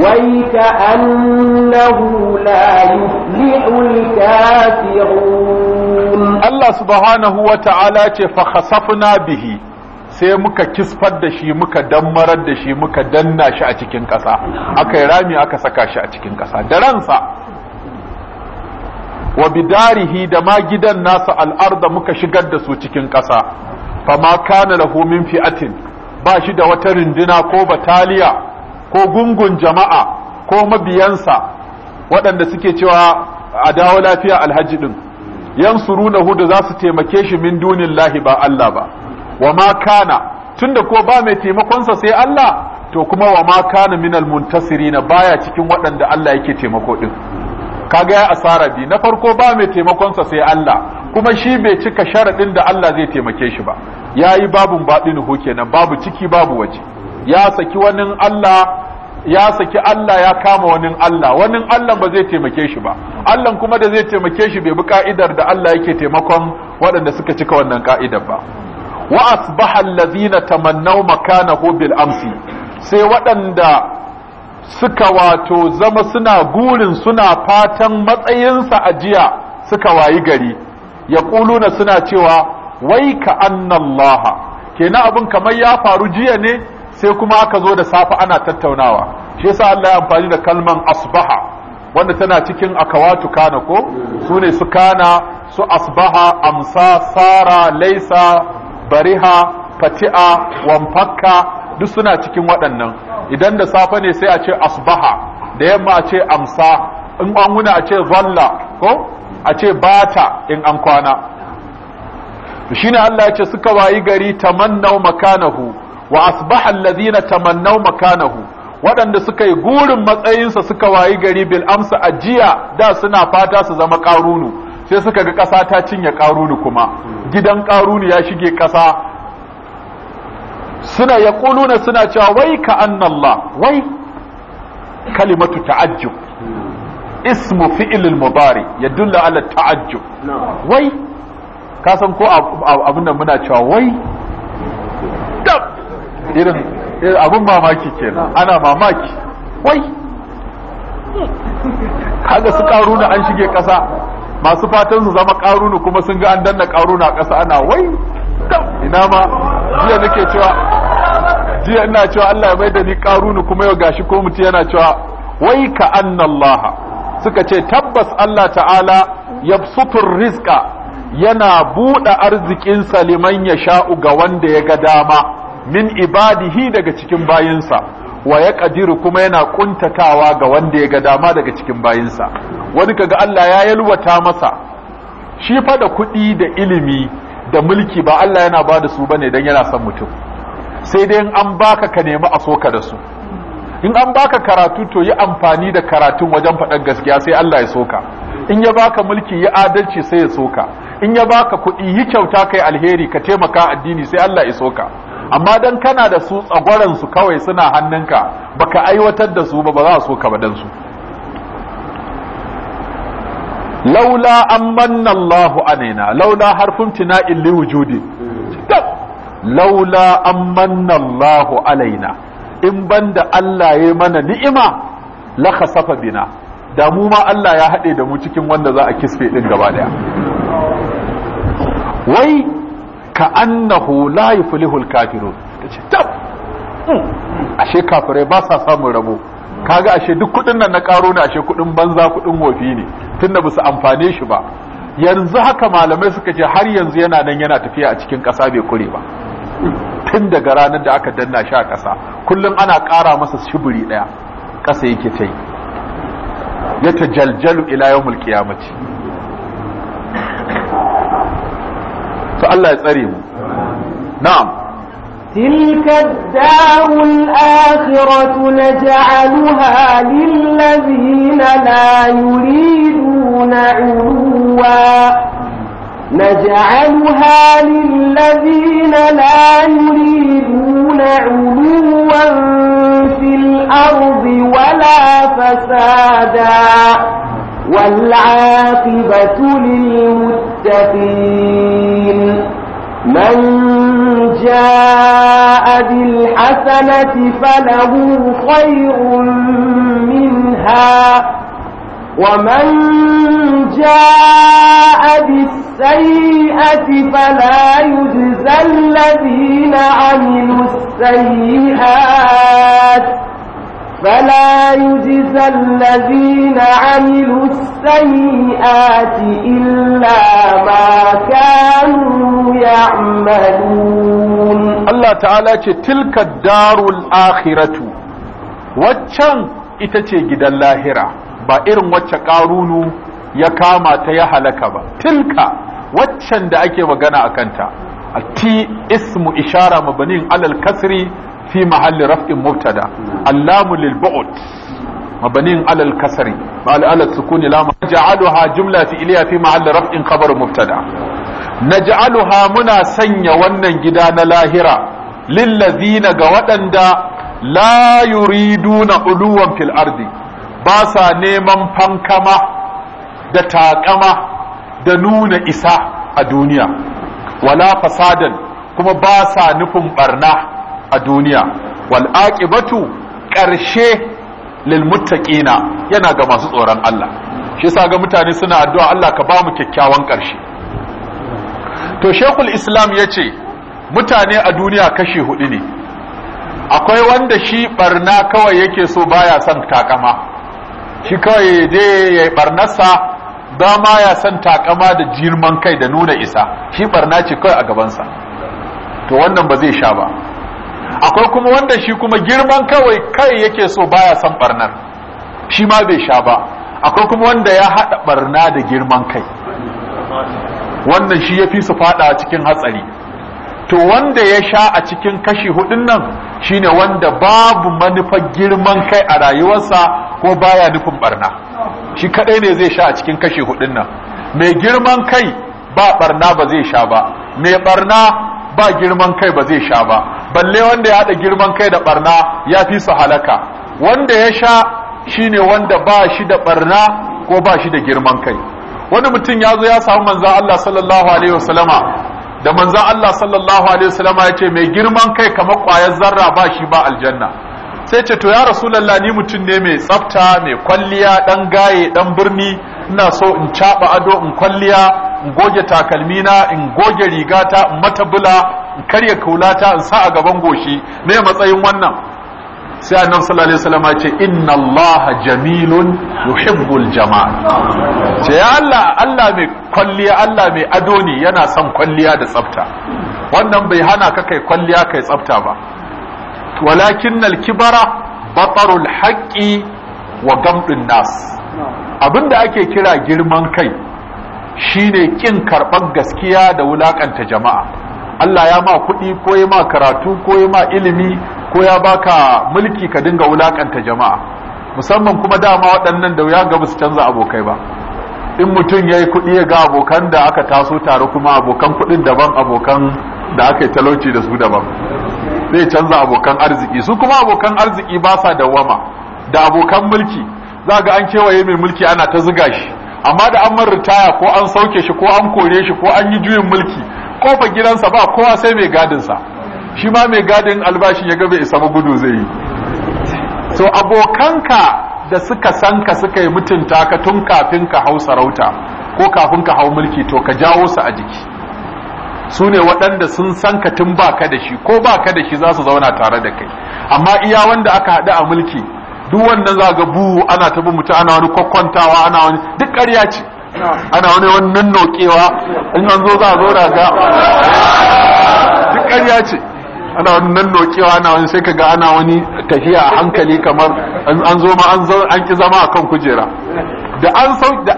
Speaker 2: ويكأنه لا
Speaker 1: يفلح
Speaker 2: الكافرون
Speaker 1: الله سبحانه وتعالى فخسفنا به sai muka kisfar da shi muka dammarar da shi muka danna shi a cikin ƙasa aka yi rami aka saka shi a cikin ƙasa da ransa wa bidarihi da ma gidan nasa al'arda muka shigar da su cikin ƙasa fama kana lahu min fi'atin ba shi da wata rindina ko bataliya ko gungun jama'a ko mabiyansa waɗanda suke cewa a dawo lafiya alhaji din na da za su taimake shi min lahi ba Allah ba wa ma kana tunda ko ba mai taimakonsa sai Allah to kuma wa ma kana min almuntasiri na baya cikin waɗanda Allah yake taimako ɗin kaga ya asara bi na farko ba mai taimakonsa sai Allah kuma shi bai cika sharaɗin da Allah zai taimake shi ba yayi babun nuhu kenan babu ciki babu waje ya saki wani Allah ya saki Allah ya kama wani Allah wani Allah ba zai taimake shi ba Allah kuma da zai taimake shi bai bi ka'idar da Allah yake taimakon waɗanda suka cika wannan ka'idar ba wa asbaha allazina tamannaw makanahu bil amsi sai waɗanda suka wato zama suna gurin suna fatan matsayinsa a jiya suka wayi gari ya kuluna suna cewa wai ka annallaha kenan abin kamar ya faru jiya ne sai kuma aka zo da safe ana tattaunawa shi yasa Allah ya amfani da kalman asbaha wanda tana cikin akawatu kana ko su ne su kana su asbaha amsa sara laisa bariha fati'a wanfakka duk suna cikin waɗannan idan da safe ne sai a ce asbaha da yamma a ce amsa in an wuna a ce zalla ko a ce bata in an kwana shi ne Allah ya ce suka wayi gari tamannau makanahu wa asbaha alladhina tamannaw makanahu waɗanda suka yi gurin matsayinsa suka wayi gari bil amsa ajiya da suna fata su zama karunu sai suka ga ƙasa ta cinye karunu kuma gidan karunu ya shige ƙasa suna yaquluna suna cewa wai ka annallah wai kalimatu ta'ajjub ismu fi'il al-mudari yadulla ala ta'ajjub wai kasan ko abin da muna cewa wai irin eh, abin mamaki kenan ana mamaki wai kaga su karuna an shige kasa masu fatan su zama karuna kuma sun ga an danna karuna a kasa ana wai ina ma jiya nake cewa jiya ina cewa Allah ya maida ni karuna kuma yau gashi ko mutum yana cewa wai ka annallaha suka ce tabbas Allah ta'ala yabsutur rizqa yana buɗe arzikin saliman ya sha'u ga wanda ya ga dama min ibadihi daga cikin bayinsa wa ya kadiru kuma yana ƙuntatawa ga wanda ya ga dama daga cikin bayinsa wani kaga Allah ya yalwata masa shi fa da kuɗi da ilimi da mulki ba Allah yana ba da su bane dan yana son mutum sai dai in an baka ka nemi a soka da su in an baka karatu to yi amfani da karatun wajen faɗar gaskiya sai Allah ya soka in ya baka mulki yi adalci sai ya soka in ya baka kuɗi yi kyauta kai alheri ka taimaka addini sai Allah ya soka amma dan kana da su tsagwaran su kawai suna hannunka baka aiwatar da su ba ba za so ka badan su laula an manna Allahu anaina. laula harfin tina'in li wujudi laula an manna Allahu alaina in banda Allah ya mana ni'ima la khasafa bina da mu ma Allah ya haɗe da mu cikin wanda za a kisfe din gaba daya wai ka annahu la yuflihul kafirun tace tab hmm. ashe kafirai ba sa samun rabo kaga ashe duk kudin nan na karo ne ashe kudin banza kudin wofi ne tunda ba su amfane shi ba yanzu haka malamai suka ce har yanzu yana nan yana tafiya a cikin kasa bai kure ba tun daga ranar da aka danna shi a kasa kullum ana kara masa shibiri ɗaya kasa yake ta yi ya ta jaljalu ila yawmul qiyamati su Allah ya
Speaker 2: تلك الدار الآخرة نجعلها للذين لا يريدون علوا نجعلها للذين لا يريدون علوا في الأرض ولا فسادا والعاقبة للمتقين من جاء بالحسنة فله خير منها ومن جاء بالسيئة فلا يجزى الذين عملوا السيئات فلا يجزى الذين عملوا السيئات إلا ما كانوا
Speaker 1: يعملون الله تعالى تلك الدار الآخرة وچن itace gidan lahira ba irin wacce ƙarunu ya kama ta ya halaka ba tilka waccan da ake magana a kanta a ti ismu ishara mabanin alal kasri fi mahalli raf'in mubtada allamu lil bu'd مبنين على الكسر على السكون لا نجعلها جملة إليها في محل رفع خبر مبتدع نجعلها منا سنيا ونن جدان لاهرة للذين قوتن دا لا يريدون علوا في الأرض باسا نيمان فانكما دا تاكما دا نون إساء الدنيا ولا فسادا كما باسا نفم برناه a duniya wal ƙarshe karshe lil yana ga masu tsoron Allah shi yasa ga mutane suna addu'a Allah ka ba mu kyakkyawan karshe to shekul islam yace mutane a duniya kashi hudu ne akwai wanda shi barna kawai yake so baya son takama shi kawai je yayi barnarsa ba ma ya san takama da jirman kai da nuna isa shi barna ce kawai a gabansa to wannan ba zai sha ba akwai kuma wanda shi kuma girman kawai kai yake so baya san barnar shi ma bai sha ba akwai kuma wanda ya haɗa barna da girman kai wannan shi ya fi su fada cikin hatsari to wanda ya sha a cikin kashi hudun nan shine wanda babu manufar girman kai a rayuwarsa ko baya nufin barna shi kadai ne zai sha a cikin kashi hudun nan mai girman kai ba barna ba zai sha ba mai barna ba girman kai ba zai sha ba balle wanda ya haɗa girman kai da barna ya fi su halaka wanda ya sha shine wanda ba shi da barna ko ba shi da girman kai wani mutum ya zo ya samu manza Allah sallallahu alaihi wasallama da manzan Allah sallallahu alaihi wasallama ya ce mai girman kai kamar ƙwayar zarra ba shi ba aljanna sai ce to ya rasulallah ni mutum ne mai tsafta mai kwalliya dan gaye dan birni ina so in caba ado in kwalliya in goge takalmi na in goge rigata in matabula in karya kaulata in sa a gaban goshi me matsayin wannan sai annabi sallallahu alaihi wasallam ya ce inna allaha jamilun yuhibbul jamal ce ya Allah Allah mai kwalliya Allah mai ado ne yana son kwalliya da tsafta wannan bai hana ka kai kwalliya kai tsafta ba walakin al-kibara batarul haqqi wa gamdun nas da ake kira girman kai shine kin karban gaskiya da wulakanta jama'a Allah ya ma kuɗi ko ya ma karatu ko ya ma ilimi ko ya baka mulki ka dinga wulakanta jama'a musamman kuma dama waɗannan da ya ga su canza abokai ba in mutum ya yi kuɗi ya ga abokan da aka taso tare kuma abokan kuɗin daban abokan da aka yi talauci da su daban zai canza abokan arziki su kuma abokan arziki ba sa dawama da abokan mulki za ga an kewaye mai mulki ana ta ziga shi amma da an ritaya ko an sauke shi ko an kore shi ko an yi juyin mulki kofa gidansa ba kowa sai mai gadinsa shi ma mai gadin albashin ya gaba isa gudu zai yi so abokanka da suka san ka suka yi mutunta ka tun kafin ka hau sarauta ko kafin ka hau mulki to ka jawo su a jiki su ne waɗanda sun san ka tun ba ka da shi ko ba ka da shi za su zauna tare da kai amma iya wanda aka haɗu a mulki duk wannan za ga buhu ana ta bin mutum ana wani kwakwantawa ana wani duk ƙarya ce ana wani wannan nokewa in an zo za a zo da ga duk ƙarya ce ana wani nan nokewa ana wani sai ka ga ana wani tafiya a hankali kamar an zo ma an ki zama a kan kujera da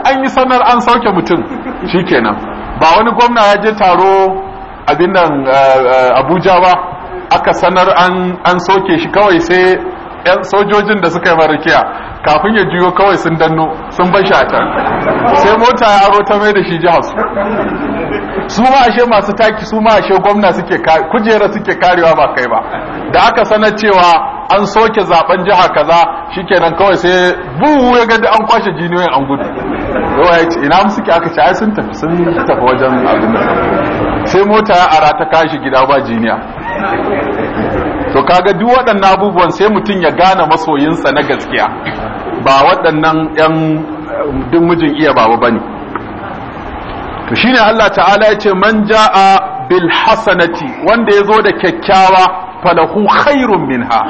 Speaker 1: an yi sanar an sauke mutum shikenan ba wani gwamna ya je taro abin nan eh, eh, abuja ba aka sanar an soke shi kawai sai yan sojojin da suka yi marakiya kafin ya jiyo kawai sun danno sun ban shi sai mota ya aro ta mai da shi jihar su su ma ashe masu taki su ma ashe gwamna suke kujera suke karewa ba kai ba da aka sanar cewa an soke zaben jiha kaza shikenan kawai sai buhu ya ga an kwashe jiniyoyin an gudu yawa ya ce ina ke aka ai sun tafi sun tafi wajen abin sai mota ya ara ta kashi gida ba jiniya to kaga duk waɗannan abubuwan sai mutum ya gane masoyinsa na gaskiya ba waɗannan yan duk mijin iya baba bane to shine Allah ta'ala ya ce man jaa bil hasanati wanda yazo da kyakkyawa falahu khairun minha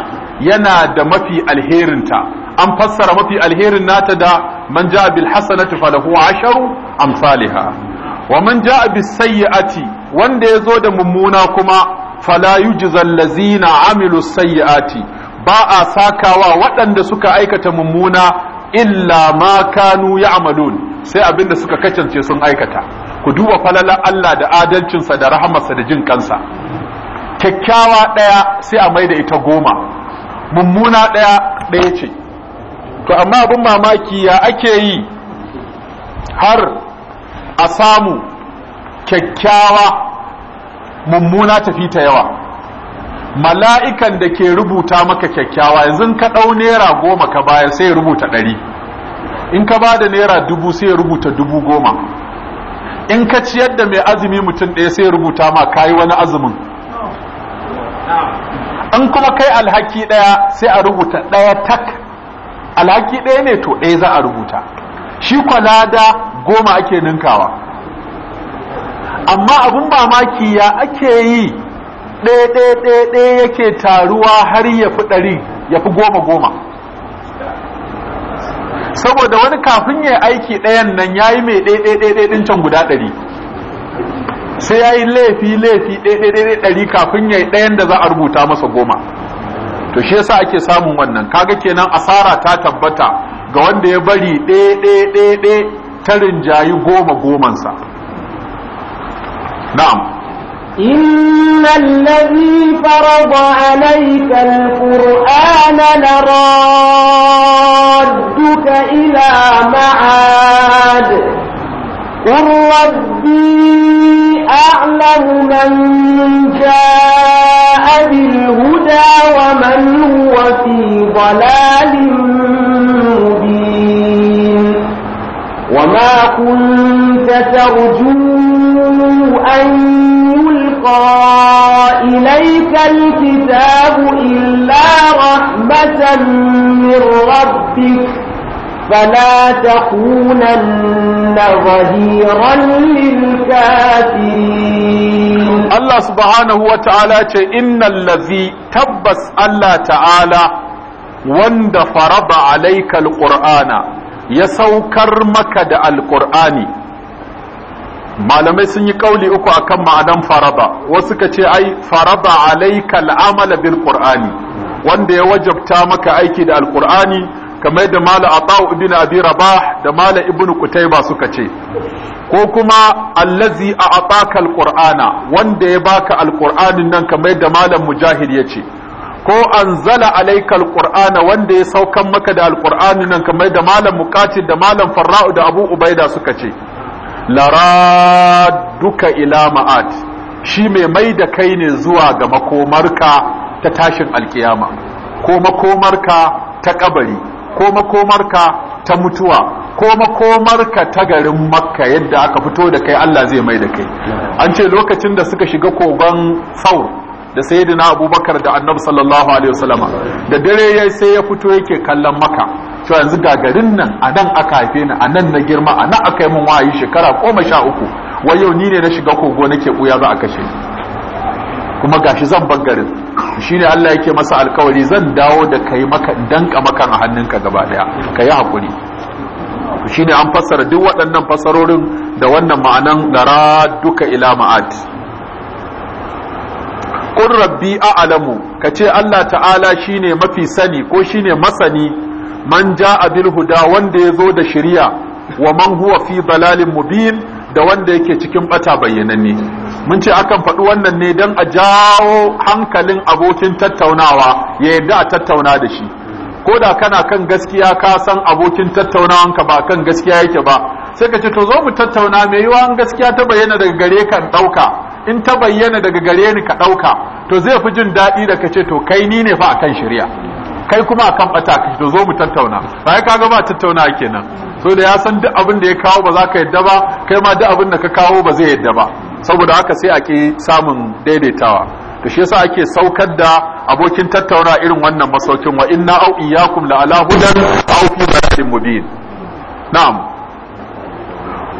Speaker 1: yana da mafi alherinta an fassara mafi alherin nata da man ja'a bil hasanati falahu asharu amsalha wa man ja'a bis sayyi'ati wanda yazo da mummuna kuma fala yujzal lazina amilu sayyiati ba a sakawa waɗanda suka aikata mummuna illa ma kanu ya'malun sai abinda suka kacance sun aikata ku duba falala Allah da adalcinsa da rahamarsa da jin kansa kyakkyawa ɗaya sai a maida ita goma mummuna ɗaya ɗaya ce to amma abin mamaki ya ake yi har a samu kyakkyawa mummuna tafi ta yawa mala'ikan da ke rubuta maka kyakkyawa yanzu ka ɗau naira goma ka bayar sai rubuta ɗari in ka bada naira dubu sai rubuta dubu goma in ka ciyar da mai azumi mutum ɗaya sai rubuta ma kayi wani azumin an kuma kai alhaki ɗaya sai a rubuta ɗaya tak alhaki ɗaya ne to ɗaya za a rubuta shi kwalada goma ake ninkawa amma abun mamaki ya ake yi ɗaya yake taruwa har ya fi ɗari ya fi goma goma saboda wani kafin ya aiki ɗayan nan ya yi mai ɗaya ɗin can guda ɗari sai ya yi laifi laifi ɗaya ɗari kafin ya yi ɗayan da za a rubuta masa goma to shi yasa ake samun wannan kaga kenan asara ta tabbata ga wanda ya bari ɗaya ta rinjayi goma gomansa نعم
Speaker 2: إن الذي فرض عليك القرآن لرادك إلى معاد قل ربي أعلم من جاء بالهدى ومن هو في ضلال مبين وما كنت ترجو يلقى إليك الكتاب إلا رحمة من ربك فلا تكونن
Speaker 1: ظهيرا للكافرين الله سبحانه وتعالى إن الذي تبس الله تعالى wanda faraba alaikal qur'ana ya saukar maka da alqur'ani malamai sun yi kauli uku akan ma'anan faraba, wasu ka ce ai faraba alayka al'amala bil qur'ani wanda ya wajabta maka aiki da alqur'ani kamar da mala ata'u ibn abi rabah da mala ibn qutayba suka ce ko kuma allazi a'taka alqur'ana wanda ya baka alqur'anin nan kamar da malam mujahid ce, ko anzala alaikal alqur'ana wanda ya saukan maka da alqur'anin nan kamar da malam muqatil da malam farra'u da abu ubaida suka ce laraduka ila ma'at shi mai mai da kai ne zuwa ga makomarka ta tashin alkiyama ko makomarka ta kabari ko makomarka ta mutuwa ko makomarka ta garin makka yadda aka fito da kai Allah zai mai da kai an ce lokacin da suka shiga kogon saur. da sayyidina abubakar da annabi sallallahu alaihi wasallama da dare yayi sai ya fito yake kallon maka to yanzu ga garin nan a nan aka haife ni a nan na girma a nan aka yi min wayi shekara goma sha uku wai yau ni ne na shiga kogo nake buya za a kashe kuma gashi zan bar garin shine Allah yake masa alkawari zan dawo da kai maka danka maka a hannunka gaba daya kai hakuri shine an fassara duk waɗannan fasarorin da wannan ma'anan lara duka ila Ƙun rabbi a'lamu ce Allah ta'ala shine mafi sani ko shine masani man a bilhu huda wanda ya zo da shirya wa man huwa fi dalalin mubin da wanda yake cikin bata bayyananne mun ce akan faɗi wannan ne don a jawo hankalin abokin tattaunawa ya yarda a tattauna da shi ko da kana kan gaskiya ka san abokin tattaunawanka ba kan gaskiya yake ba sai ka ce to zo mu tattauna mai yiwa an gaskiya ta bayyana daga gare kan ɗauka in ta bayyana daga gare ni ka ɗauka to zai fi jin daɗi da ka ce to kai ni ne fa akan shirya kai kuma akan ɓata ka to zo mu tattauna ba ka ga ba tattauna kenan so da ya san duk abin da ya kawo ba za ka yadda ba kai ma duk abin da ka kawo ba zai yadda ba saboda haka sai a samun daidaitawa to shi yasa ake saukar da abokin tattauna irin wannan masaukin wa inna au iyyakum la ala hudan au fi mubin na'am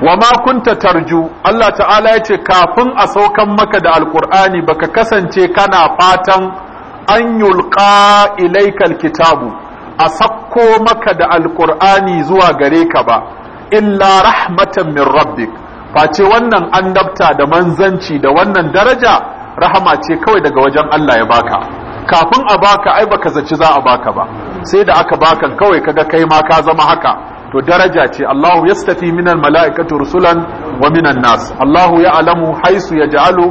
Speaker 1: wa ma kunta tarju Allah ta'ala ya ce kafin a saukan maka da alkur'ani baka kasance kana fatan an yulqa ilaikal kitabu a sakko maka da alkur'ani zuwa gare ka ba illa rahmatan min rabbik face wannan annabta da manzanci da wannan daraja rahama ce kawai daga wajen Allah ya baka kafin a baka ai baka zaci za a baka ba sai da aka baka kawai kaga kai ma ka zama haka to daraja ce Allahu yastafi minan mala'ikatu rusulan wa minan nas Allahu ya alamu haisu yaj'alu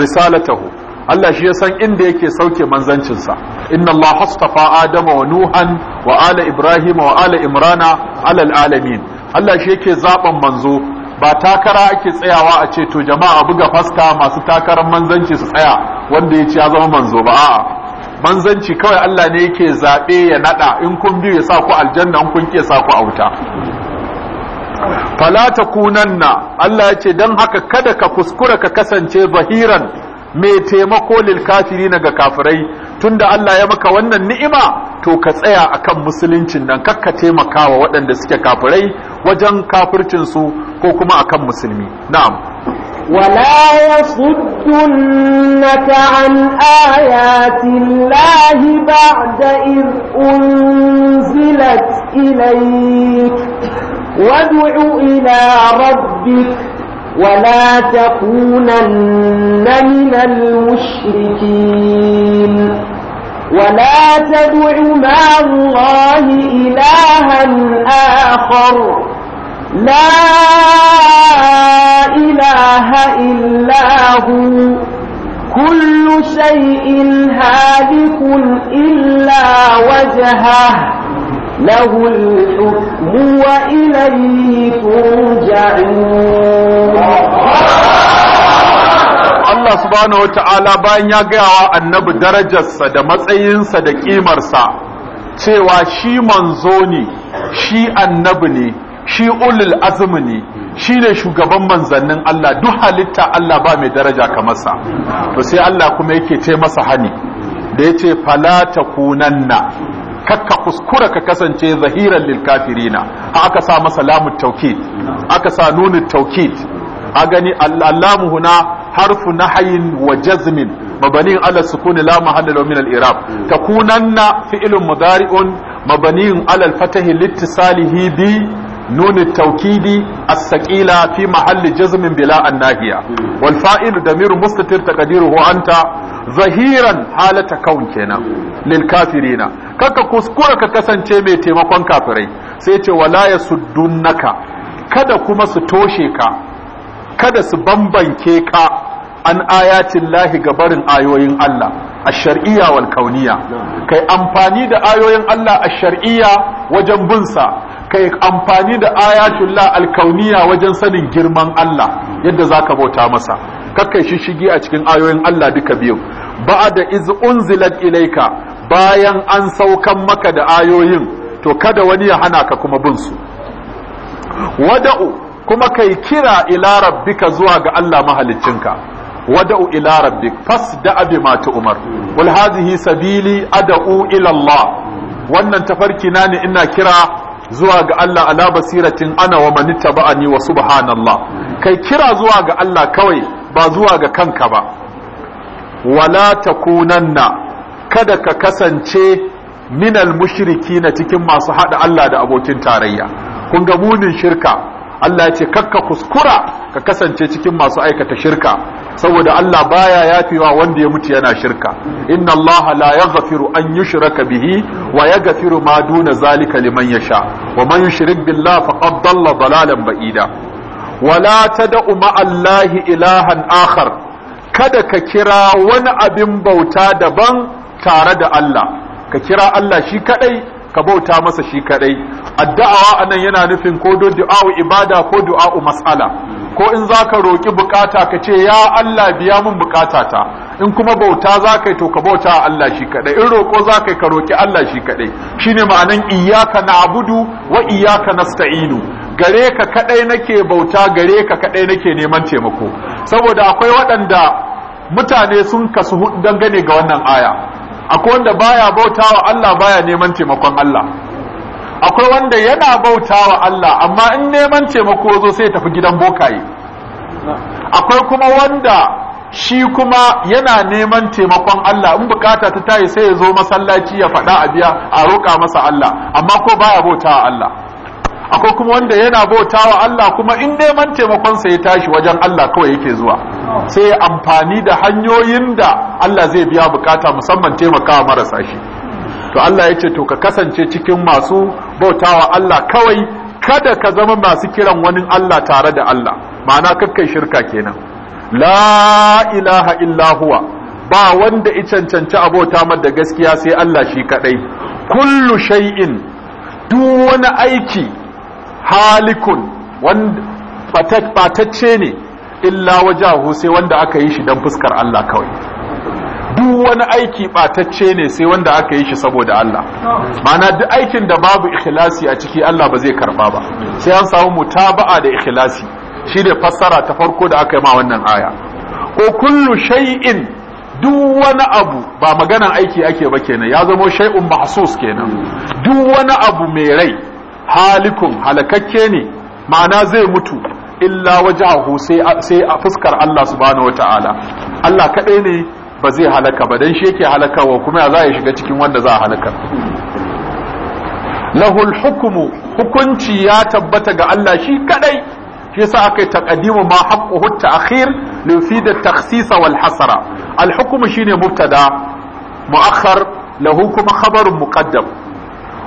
Speaker 1: risalatahu Allah shi ya san inda yake sauke manzancinsa inna Allah hastafa Adama wa Nuhan wa ala Ibrahim wa ala Imrana alal alamin Allah shi yake zaben manzo ba takara ake tsayawa a ce to jama'a buga fasta masu takarar manzanci su tsaya wanda ya ci ya zama manzo ba a'a manzanci kawai Allah ne yake zaɓe ya naɗa in kun biyu ya sa ku aljanna in kun ke sa ku a wuta falata kunanna Allah ya ce don haka kada ka kuskura ka kasance bahiran mai taimako lil kafiri ga kafirai tunda Allah ya maka wannan ni'ima to ka tsaya akan musuluncin nan kakka taimakawa waɗanda suke kafirai wajen kafircinsu ko kuma akan musulmi na'am ولا
Speaker 2: يصدنك عن آيات الله بعد إذ أنزلت إليك وادع إلى ربك ولا تكونن من المشركين ولا تدع مع الله إلها آخر لا إله إلا هو كل شيء هادف إلا وجهه له الحكم وإليه ترجعون
Speaker 1: Allah subhanahu wa ta'ala bayan ya gaya wa annabi darajarsa da matsayinsa da ƙimarsa cewa shi manzo ne, shi annabi ne, shi ulul azumi ne shi ne shugaban manzannin Allah duk halitta Allah ba mai daraja kamarsa sa to sai Allah kuma yake ce masa hani da yace fala takunanna kakka kuskura ka kasance zahiran lil kafirina aka sa masa lamut tawkid aka sa nunut tawkid a gani allamu huna harfu wa jazmin mabaniin ala sukuni la mahalla lahu min al i'rab takunanna fi'lun mudari'un mabanin ala al fathi bi nuni taukidi as-saqila fi mahalli jazmin bila nahiya. Hmm. Walfailu da fa'il ta mustatir taqdiruhu anta zahiran halata kaun na. lil kar ka kuskura ka kasance mai taimakon kafirai sai ce wala yasuddunaka kada kuma su toshe ka kada su bambanke ka an ayatin lahi barin ayoyin Allah a shar'iyya wal hmm. kai amfani da ayoyin Allah a shar'iyya wajen bunsa kai amfani da ayatullah alkauniya wajen sanin girman Allah yadda zaka bauta masa kakkai shishigi a cikin ayoyin Allah duka biyu ba'da iz unzilat ilayka bayan an saukan maka da ayoyin to kada wani ya hana ka kuma bin su wada'u kuma kai kira ila rabbika zuwa ga Allah ka. wada'u ila rabbik fasda'a bima Umar. wal hadhihi sabili ad'u ila Allah wannan tafarki na ne ina kira zuwa ga Allah ala basiratin ana wa man ittaba'ani wa subhanallah kai kira zuwa ga Allah kawai ba zuwa ga kanka ba wala takunanna kada ka kasance minal mushriki na cikin masu hada Allah da abokin tarayya kun ga munin shirka Allah ya ce kakka kuskura ka kasance cikin masu aikata shirka saboda Allah baya yafewa wanda ya mutu yana shirka inna Allah la yaghfiru an yushraka bihi wa yaghfiru ma duna zalika liman yasha wa man yushrik billahi faqad dalla dalalan ba'ida wala tad'u ma Allah ilahan akhar kada ka kira wani abin bauta daban tare da Allah ka kira Allah shi kadai ka bauta masa shi kadai addu'a nan yana nufin ko do du'a'u ibada ko du'a'u mas'ala ko in zaka roki bukata ka ce ya Allah biya min ta. in kuma bauta zaka yi to ka bauta Allah shi kadai in roko zaka yi ka roki Allah shi kadai shine ma'anan iyyaka na'budu wa iyyaka nasta'inu gare ka kadai nake bauta gare ka kadai nake neman taimako saboda akwai waɗanda mutane sun kasu dangane ga wannan aya akwai wanda baya bautawa Allah baya neman taimakon Allah akwai wanda yana bautawa Allah amma in neman taimako zo sai tafi gidan bokaye akwai kuma wanda shi kuma yana neman taimakon Allah in bukata ta tayi sai ya zo masallaci ya faɗa a biya a roƙa masa Allah amma ko baya bautawa Allah akwai kuma wanda yana bautawa Allah kuma in neman taimakon sa ya tashi wajen Allah kawai yake zuwa sai ya amfani da hanyoyin da Allah zai biya bukata musamman taimakawa marasa shi to Allah ya ce to ka kasance cikin masu bautawa Allah kawai kada ka zama masu kiran wani Allah tare da Allah ma'ana kakkai shirka kenan la ilaha illa huwa ba wanda i cancanci abota mar da gaskiya sai Allah shi kadai kullu shay'in duk wani aiki halikun fatacce ne illa wajahu sai wanda aka yi shi don fuskar Allah kawai duk wani aiki batacce ne sai wanda aka yi shi saboda Allah mana duk aikin da babu ikhlasi a ciki Allah ba zai karba ba sai an samu mutaba'a da ikhlasi shi ne fassara ta farko da aka yi ma wannan aya ko kullu shay'in duk wani abu ba maganan aiki ake ba kenan ya zama shay'un mahsus kenan duk wani abu mai rai halikun halakakke ne ma'ana zai mutu illa wajahu sai sai a fuskar Allah subhanahu wataala Allah kadai ne ba zai halaka ba dan shi yake halakawa kuma ya za ya shiga cikin wanda za a halaka lahul hukumu hukunci ya tabbata ga Allah shi kadai shi yasa yi taqdimu ma haqquhu ta'khir li yufid at-takhsis wal hasara al hukmu shine mubtada muakhar lahu kuma khabarun muqaddam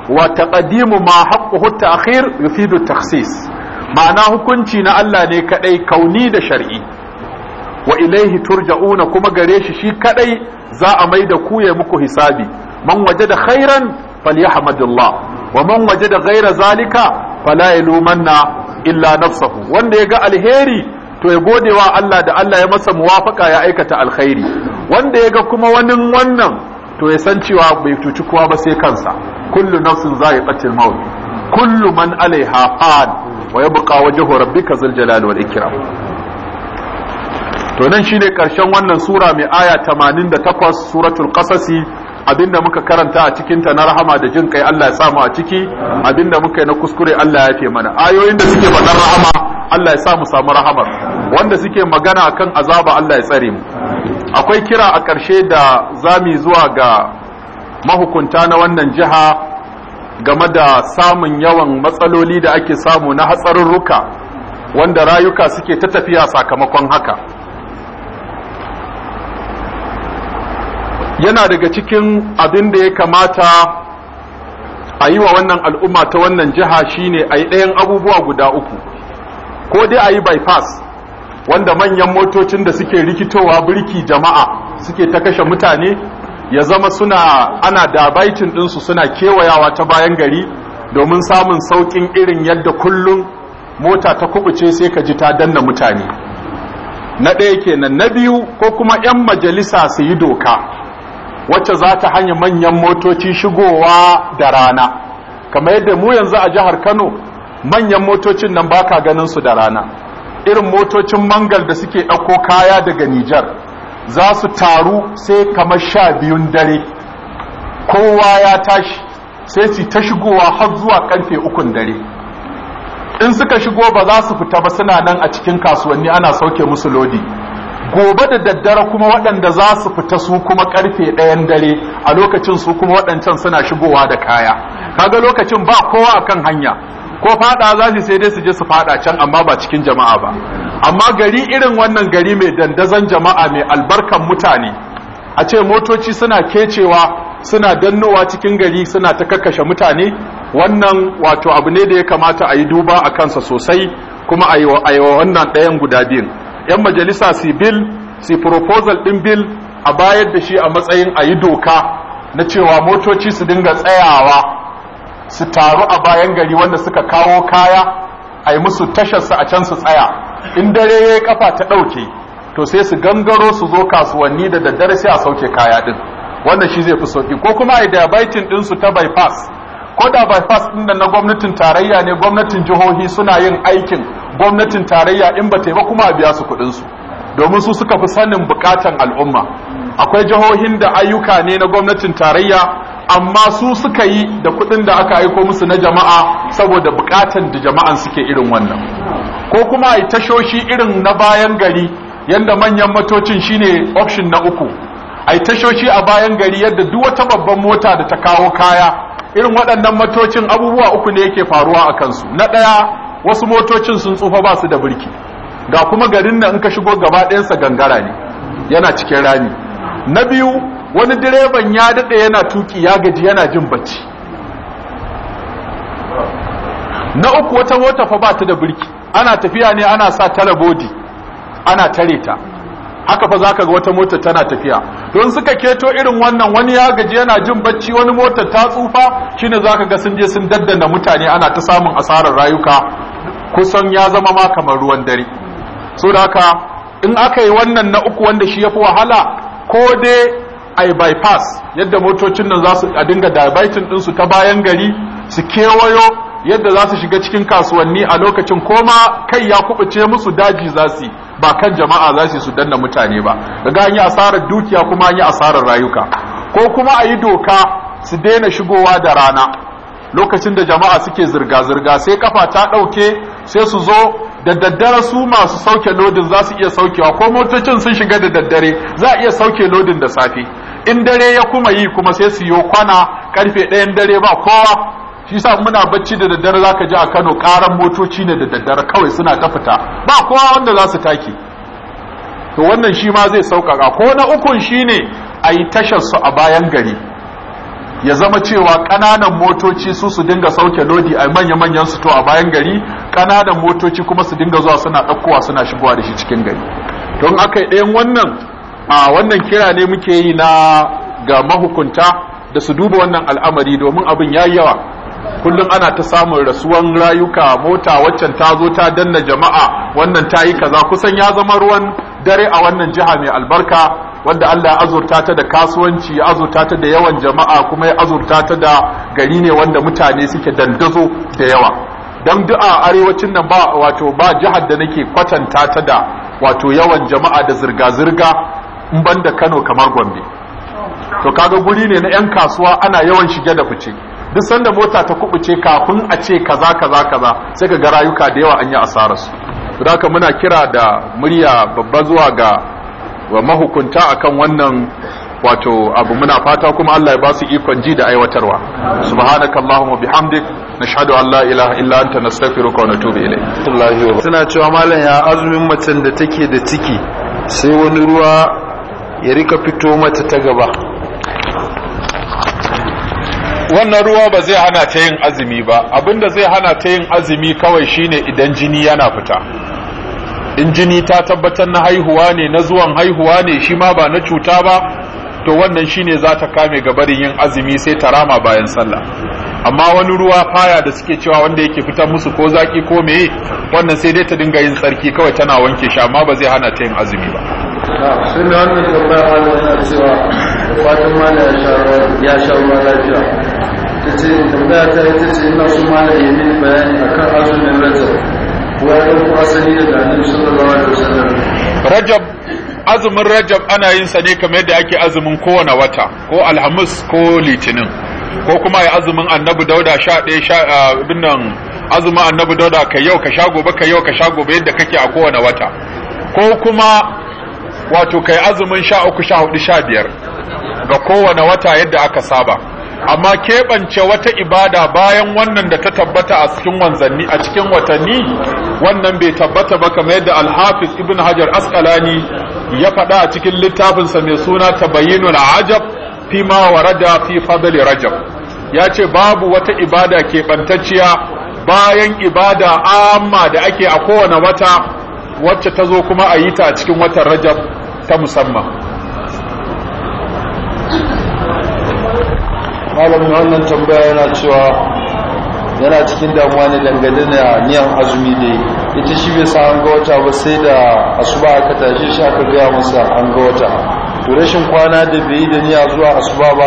Speaker 1: wa taqdimu ma haqquhu ta'khir yufidu takhsis ma'ana hukunci na Allah ne kadai kauni da shar'i wa ilaihi turja'una kuma gare shi shi kadai za a mai da ku ya muku hisabi man wajada khairan falyahmadillah wa man wajada ghaira zalika fala yalumanna illa nafsahu wanda ya ga alheri to ya gode wa Allah da Allah ya masa muwafaka ya aikata alkhairi wanda ya ga kuma wani wannan to ya san cewa bai cuci kowa ba sai kansa kullu nafsin za'iqatul maut kullu man alaiha fan wa yabqa wajhu rabbika zal jalali wal ikram to nan shine karshen wannan sura mai aya 88 suratul qasasi abinda muka karanta a cikinta na rahama da jin kai Allah ya samu a ciki abinda muka yi na kuskure Allah ya yafe mana ayoyin da suke faɗar rahama Allah ya sa mu samu rahamar wanda suke magana akan azaba Allah ya tsare mu akwai kira a karshe da zami zuwa ga mahukunta na wannan jiha game da samun yawan matsaloli da ake samu na hatsarurruka wanda rayuka suke ta tafiya sakamakon haka yana daga cikin abin da ya kamata a yi wa wannan al'umma ta wannan jiha shine a yi ɗayan abubuwa guda uku ko dai a yi bypass wanda manyan motocin da suke rikitowa birki jama'a suke ta kashe mutane ya zama suna ana dabaitin ɗinsu suna kewayawa ta bayan gari domin samun sauƙin irin yadda kullum mota ta kubuce sai ka ji ta danna mutane na ɗaya kenan na biyu ko kuma 'yan majalisa su yi doka wacce za ta hanya manyan motoci shigowa da rana kamar yadda mu yanzu a jihar kano manyan motocin nan baka ganin su da rana irin motocin mangal da suke ɗauko kaya daga nijar za su taru sai kamar sha biyun dare kowa ya tashi sai su ta shigowa har zuwa karfe ukun dare in suka shigo ba za su fita ba suna nan a cikin kasuwanni ana sauke musu lodi gobe da daddare kuma waɗanda za su fita su kuma karfe ɗayan dare a lokacin su kuma waɗancan suna shigowa da kaya kaga lokacin ba kowa a kan hanya ko fada za su sai dai su je su fada can amma ba cikin jama'a ba amma gari irin wannan gari mai dandazon jama'a mai albarkan mutane a ce motoci suna kecewa suna dannowa cikin gari suna ta kakkashe mutane wannan wato abu ne da ya kamata a yi duba a kansa sosai kuma a yi wa wannan ɗayan guda biyun yan majalisa su bil su proposal din bil a bayar da shi a matsayin a yi doka na cewa motoci su dinga tsayawa su taru a bayan gari wanda suka kawo kaya a yi musu tasharsa a can su tsaya in dare ya yi kafa ta ɗauke to sai su gangaro su zo kasuwanni da daddare sai a sauke kaya ɗin wannan shi zai fi sauki ko kuma a din ɗinsu ta bypass ko da bypass ɗin da na gwamnatin tarayya ne gwamnatin jihohi suna yin aikin gwamnatin tarayya in ba ta yi kuma biya su kuɗin su domin su suka fi sanin bukatan al'umma akwai jihohin da ayyuka ne na gwamnatin tarayya amma su suka yi da kuɗin da aka aiko musu na jama'a saboda bukatan da jama'an suke irin wannan ko kuma ai tashoshi irin na bayan gari yanda manyan matocin shine option na uku ai tashoshi a bayan gari yadda duk wata babban mota da ta kawo kaya irin waɗannan matocin abubuwa uku ne yake faruwa a kansu na ɗaya wasu motocin sun tsufa ba su da birki ga kuma garin na in ka shigo gaba ɗayansa gangara ne yana cikin rami na biyu wani direban ya daɗe yana tuki ya gaji yana jin bacci na uku wata mota fa ba ta da birki ana tafiya ne ana sa tara bodi ana tare ta haka fa zaka ga wata mota tana tafiya don suka keto irin wannan wani ya gaji yana jin bacci wani mota ta tsufa shine zaka ga sun je sun daddana mutane ana ta samun asarar rayuka kusan ya zama ma kamar ruwan dare so da haka in aka yi wannan na uku wanda shi yafi wahala ko dai ai bypass yadda motocin nan za su a dinga din su ta bayan gari su kewayo yadda za su shiga cikin kasuwanni a lokacin koma kai ya kubuce musu daji za su yi ba kan jama'a za su danna mutane ba daga an yi asarar dukiya kuma an yi asarar rayuka ko kuma a yi doka su daina shigowa da rana lokacin da jama'a suke zirga-zirga sai kafa ta ɗauke sai su zo da daddare su masu sauke lodin za su iya saukewa ko motocin sun shiga da daddare za a iya sauke lodin da safe in dare ya kuma yi kuma sai su yi kwana karfe ɗayan dare ba kowa shi sa muna bacci da daddare za ka ji a Kano karan motoci ne da daddare kawai suna ta fita ba kowa wanda za su take to wannan shi ma zai sauƙaƙa ko na ukun ne a yi tashar su a bayan gari ya zama cewa ƙananan motoci su su dinga sauke lodi a manya-manyan su to a bayan gari ƙananan motoci kuma su dinga zuwa suna ɗaukowa suna shigowa da shi cikin gari don aka yi ɗayan wannan a wannan kira ne muke yi na ga mahukunta da su duba wannan al'amari domin abin ya yawa kullum ana ta samun rasuwan rayuka mota waccan ta zo ta danna jama'a wannan ta yi kaza kusan ya zama ruwan dare a wannan jiha mai albarka wanda Allah ya azurta ta da kasuwanci ya azurta ta da yawan jama'a kuma ya azurta ta da gari ne wanda mutane suke dandazo da yawa dan du'a arewacin nan ba wato ba jihar da nake kwatanta ta da wato yawan jama'a da zirga-zirga in banda Kano kamar Gombe to kaga guri ne na 'yan kasuwa ana yawan shige da fice duk sanda mota ta kubuce kafin a ce kaza kaza kaza sai ga rayuka da yawa an yi asarar su don haka muna kira da murya babba zuwa ga wa mahukunta akan wannan wato abu muna fata kuma Allah ya ba su ikon ji da aiwatarwa subhanakallahumma bihamdik nashhadu an la ilaha illa anta nastaghfiruka wa natubu ilayk suna cewa malam ya azumin mace da take da ciki sai wani ruwa ya rika fito mata ta gaba wannan ruwa ba zai hana ta yin azumi ba abinda zai hana ta yin azumi kawai shine idan jini yana fita in jini ta tabbatar na haihuwa ne na zuwan haihuwa ne shi ma ba na cuta ba to wannan shine za ta kame gabarin yin azumi sai ta rama bayan sallah amma wani ruwa faya da suke cewa wanda yake fita musu ko zaki ko meye wannan sai dai ta dinga yin tsarki kawai tana wanke shi amma ba zai hana ta yin azumi ba
Speaker 3: azumin
Speaker 1: rajab azumin rajab ana yin sa ne kamar yadda ake azumin kowane wata ko alhamis ko litinin ko kuma ya azumin annabi dauda sha ɗaya sha abin nan azumin annabi dauda ka yau ka sha gobe ka yau ka sha gobe yadda kake a kowane wata ko kuma wato kai azumin sha uku sha hudu sha biyar ga kowane wata yadda aka saba amma keɓance wata ibada bayan wannan da ta tabbata a cikin wanzanni a cikin watanni wannan bai tabbata ba kamar yadda alhafiz ibn hajar asqalani ya faɗa a cikin littafinsa mai suna tabayyinul ajab fi ma warada fi fadli rajab ya ce babu wata ibada keɓantacciya bayan ibada amma da ake a kowane wata wacce ta zo kuma a yi ta a cikin watan rajab ta musamman malamin wannan tambaya yana cewa yana cikin damuwa ne dangane da niyan azumi ne. ita shi bai sa an ga wata ba sai da asuba aka tashi shi aka gaya masa an ga wata to rashin kwana da bai yi da niyya zuwa asuba ba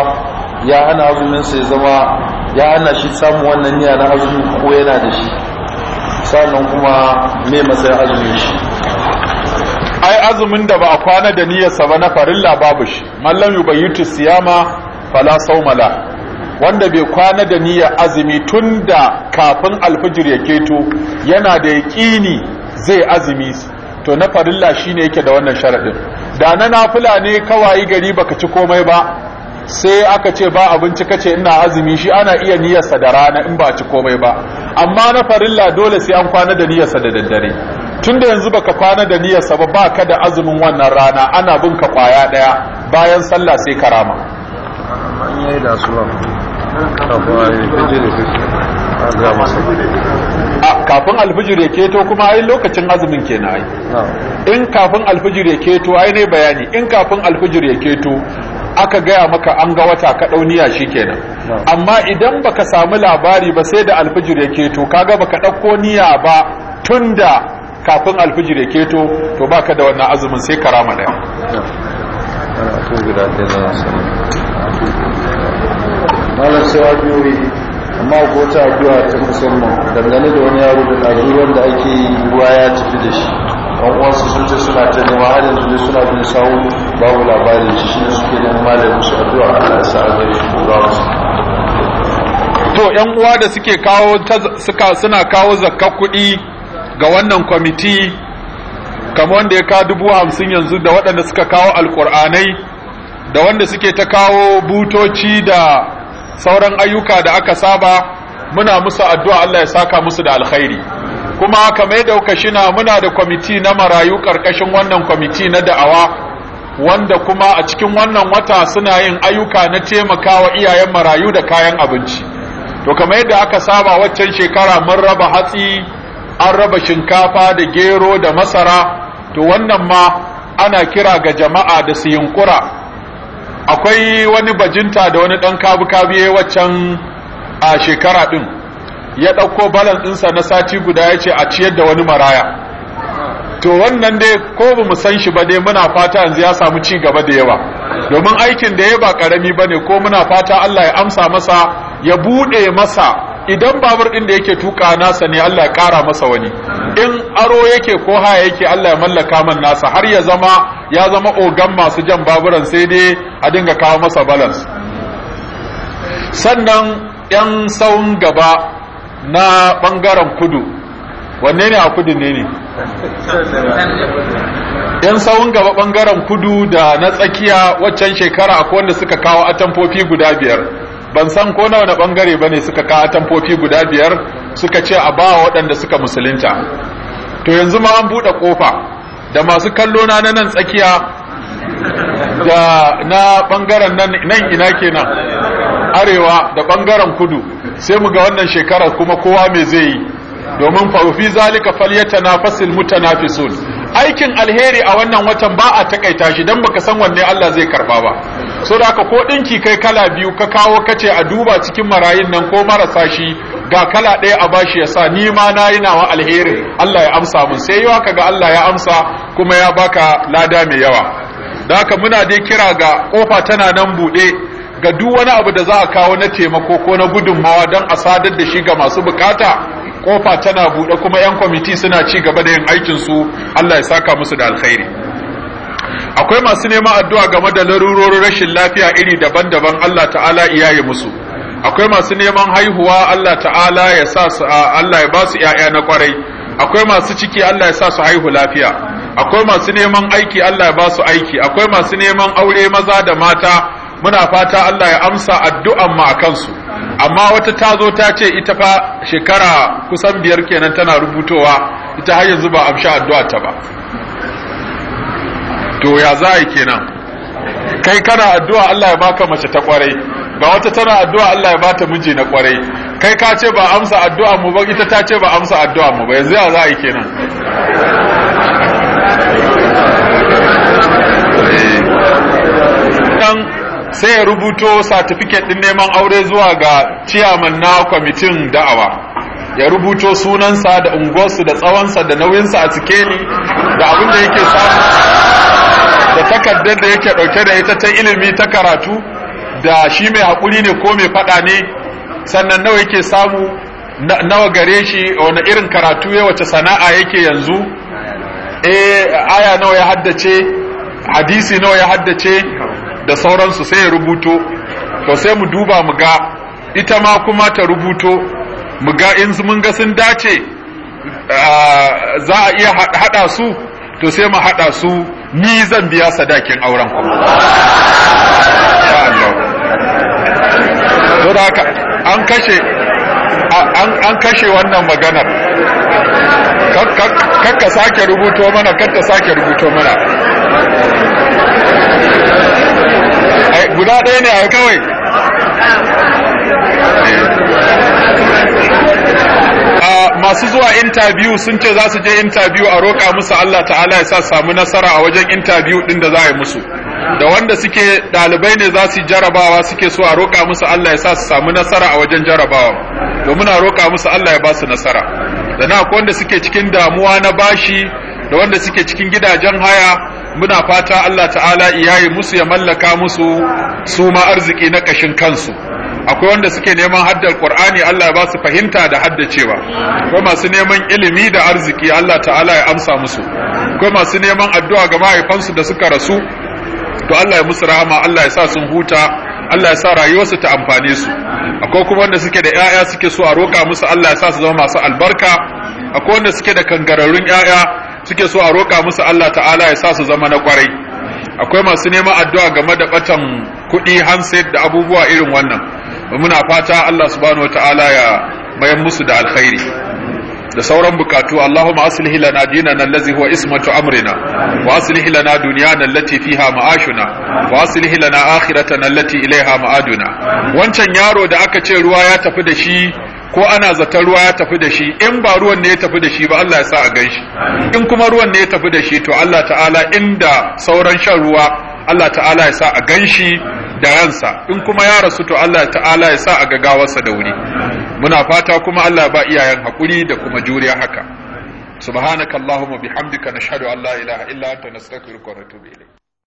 Speaker 1: ya hana azumin sai zama ya hana shi samun wannan niyya na azumi ko yana da shi sannan kuma me matsayin azumin shi ai azumin da ba a kwana da niyyarsa ba na farilla babu shi mallam yubayyitu siyama fala saumala wanda bai kwana da niyyar azumi tun da kafin alfijir ya keto yana da yaqini zai azumi to na farilla shine yake da wannan sharadin da na nafila ne kawai gari baka ci komai ba sai aka ce ba abinci kace ina azumi shi ana iya niyyarsa da rana in ba ci komai ba amma na farilla dole sai an kwana da niyyarsa da daddare tunda yanzu baka kwana da niyyarsa ba baka da azumin wannan rana ana bin ka kwaya daya bayan sallah sai karama ah, kafin alfijir ya keto kuma ai lokacin azumin kenan ai in kafin alfijir ya keto ai ne bayani in kafin alfijir ya keto aka gaya maka an ga wata ka dauniya shikenan amma idan baka samu labari ba sai da alfijir ya keto kaga baka dauko niyya ba tunda kafin alfijir ya keto to baka da wannan azumin sai karama daya malam sai
Speaker 3: addu'o'i amma ko ta addu'a ta musamman dangane da wani yaro da ɗaruruwan da ake yi ruwa ya tafi da shi kan sun ce suna ta nema har yanzu ne suna bin sawu
Speaker 1: babu labarin shi shi ne suke neman malamin su addu'a Allah ya sa gari su za su to yan uwa da suke kawo suka suna kawo zakka kuɗi ga wannan kwamiti kamar wanda ya kawo dubu hamsin yanzu da waɗanda suka kawo alƙur'anai da wanda suke ta kawo butoci da sauran ayyuka da aka saba muna musu addu'a Allah ya saka musu da alkhairi kuma kamar mai shina muna da kwamiti na marayu karkashin wannan kwamiti na da'awa wanda kuma a cikin wannan wata suna yin ayyuka na taimakawa iyayen marayu da kayan abinci to kamar yadda aka saba waccan shekara mun raba hatsi an raba shinkafa da gero da masara to wannan ma ana kira ga jama'a da su yunkura akwai wani bajinta da wani dan kabu-kabiye waccan a shekara din ya ɗauko balan ɗinsa na sati guda ya ce a ciyar da wani maraya to wannan dai ko ba mu san shi ba dai muna fata yanzu ya samu ci gaba da yawa domin aikin da ya ba karami ba ne ko muna fata Allah ya amsa masa ya buɗe masa idan babur ɗin da yake tuka nasa ne Allah ya ƙara masa wani in aro yake ko haya yake Allah ya mallaka man nasa har ya zama ya zama ogan masu jan baburan sai dai a dinga kawo masa balance sannan 'yan saun gaba na bangaren kudu wanne ne a kudu ne ne yan tsawon gaba bangaren kudu da na tsakiya waccan shekara ko wanda suka kawo atamfofi guda biyar ban san ko na wani bangare ba ne suka kawo atamfofi guda biyar suka ce a bawa waɗanda suka musulunta to yanzu ma an buɗe ƙofa da masu kallo na nan tsakiya da na bangaren nan ina kenan arewa da bangaren kudu sai mu ga wannan shekarar kuma kowa me zai yi domin fa fi zalika fasil mutanafisun aikin alheri a wannan watan ba a takaita shi dan baka san wanne Allah zai karba ba so da haka ko dinki kai kala biyu ka kawo kace a duba cikin marayin nan ko marasa shi ga kala ɗaya a bashi ya sa ni ma na yi nawa alheri Allah ya amsa mun sai yawa kaga Allah ya amsa kuma ya baka lada mai yawa da haka muna dai kira ga kofa tana nan buɗe ga duk wani abu da za a kawo na taimako ko na gudunmawa don a sadar da shi ga masu bukata kofa tana buɗe kuma 'yan kwamiti suna ci gaba da yin aikinsu Allah ya saka musu da alkhairi akwai masu neman addu'a game da larurorin rashin lafiya iri daban-daban Allah ta'ala iyaye musu akwai masu neman haihuwa Allah ta'ala ya sa su Allah ya ba su 'ya'ya na kwarai akwai masu ciki Allah ya sa su haihu lafiya akwai masu neman aiki Allah ya ba su aiki akwai masu neman aure maza da mata muna fata Allah ya amsa addu'an mu a kansu, amma wata ta zo ta ce ita fa shekara kusan biyar kenan tana rubutowa ita har yanzu ba amsha addu'a ta ba to ya za yi kenan kai kana addu'a Allah ya baka mace ta kwarai ga wata tana addu'a Allah ya bata miji na kwarai kai ka ce ba amsa addu'a mu ba ita ta ce ba amsa addu'an mu ba yanzu ya za yi kenan sai ya rubuto satifiket din neman aure zuwa ga ciyaman na kwamitin da'awa ya rubuto sunansa da unguwarsu da tsawonsa da nauyinsa a sikeli da abin da yake samu da takardar da yake ɗauke da ita ta ilimi ta karatu da shi mai haƙuri ne ko mai faɗa ne sannan nawa yake samu nawa gare shi wani irin karatu ya wace sana'a yake yanzu E, aya nawa ya haddace hadisi nawa ya haddace da sauransu sai ya rubuto to sai mu duba mu ga ita ma kuma ta rubuto mu ga in mun ga sun dace za a iya hada su to sai mu hada su ni zan biya sadakin auren ku to da an kashe an kashe wannan maganar kakka sake rubuto mana kakka sake rubuto mana guda ɗaya ne a kawai masu zuwa intabiyu sun ce za su je interview a roƙa musu Allah ta'ala ya sa samu nasara a wajen interview ɗin da za a yi musu da wanda suke ɗalibai ne za su jarabawa suke so a roƙa musu Allah ya sa su samu nasara a wajen jarabawa domin a roƙa musu Allah ya ba su nasara da na wanda suke cikin damuwa na bashi da wanda suke cikin gidajen haya muna fata Allah ta'ala iyaye musu ya mallaka musu su ma arziki na kashin kansu akwai wanda suke neman haddar Qur'ani Allah ya ba su fahimta da haddacewa akwai masu neman ilimi da arziki Allah ta'ala ya amsa musu akwai masu neman addu'a ga mahaifansu da suka rasu to Allah ya musu rahama Allah ya sa sun huta Allah ya sa rayuwarsu ta amfane su akwai kuma wanda suke da ƴaƴa suke so a roka musu Allah ya sa su zama masu albarka akwai wanda suke da kangararrun ƴaƴa suke so a roƙa musu Allah ta'ala ya sa su zama na ƙwarai. akwai masu neman addu'a game da batan kuɗi handset da abubuwa irin wannan muna fata Allah subhanahu ta'ala ya mayan musu da alkhairi da sauran bukatu Allahumma aslih lana dinana allazi huwa ismatu amrina wa aslih lana dunyana allati fiha ma'ashuna wa aslih lana akhiratana allati ilaiha ma'aduna wancan yaro da aka ce ruwa ya tafi da shi ko ana zaton ruwa ya tafi da shi in ba ruwan ne ya tafi da shi ba Allah ya sa a ganshi in kuma ruwan ne ya tafi da shi to Allah ta'ala inda sauran shan ruwa Allah ta'ala ya sa a ganshi da ransa in kuma ya rasu to Allah ta'ala ya sa a gagawarsa da wuri muna fata kuma Allah ya ba iyayen hakuri da kuma juriya haka subhanakallahumma bihamdika nashhadu an la ilaha illa anta nastaghfiruka wa natubu ilayk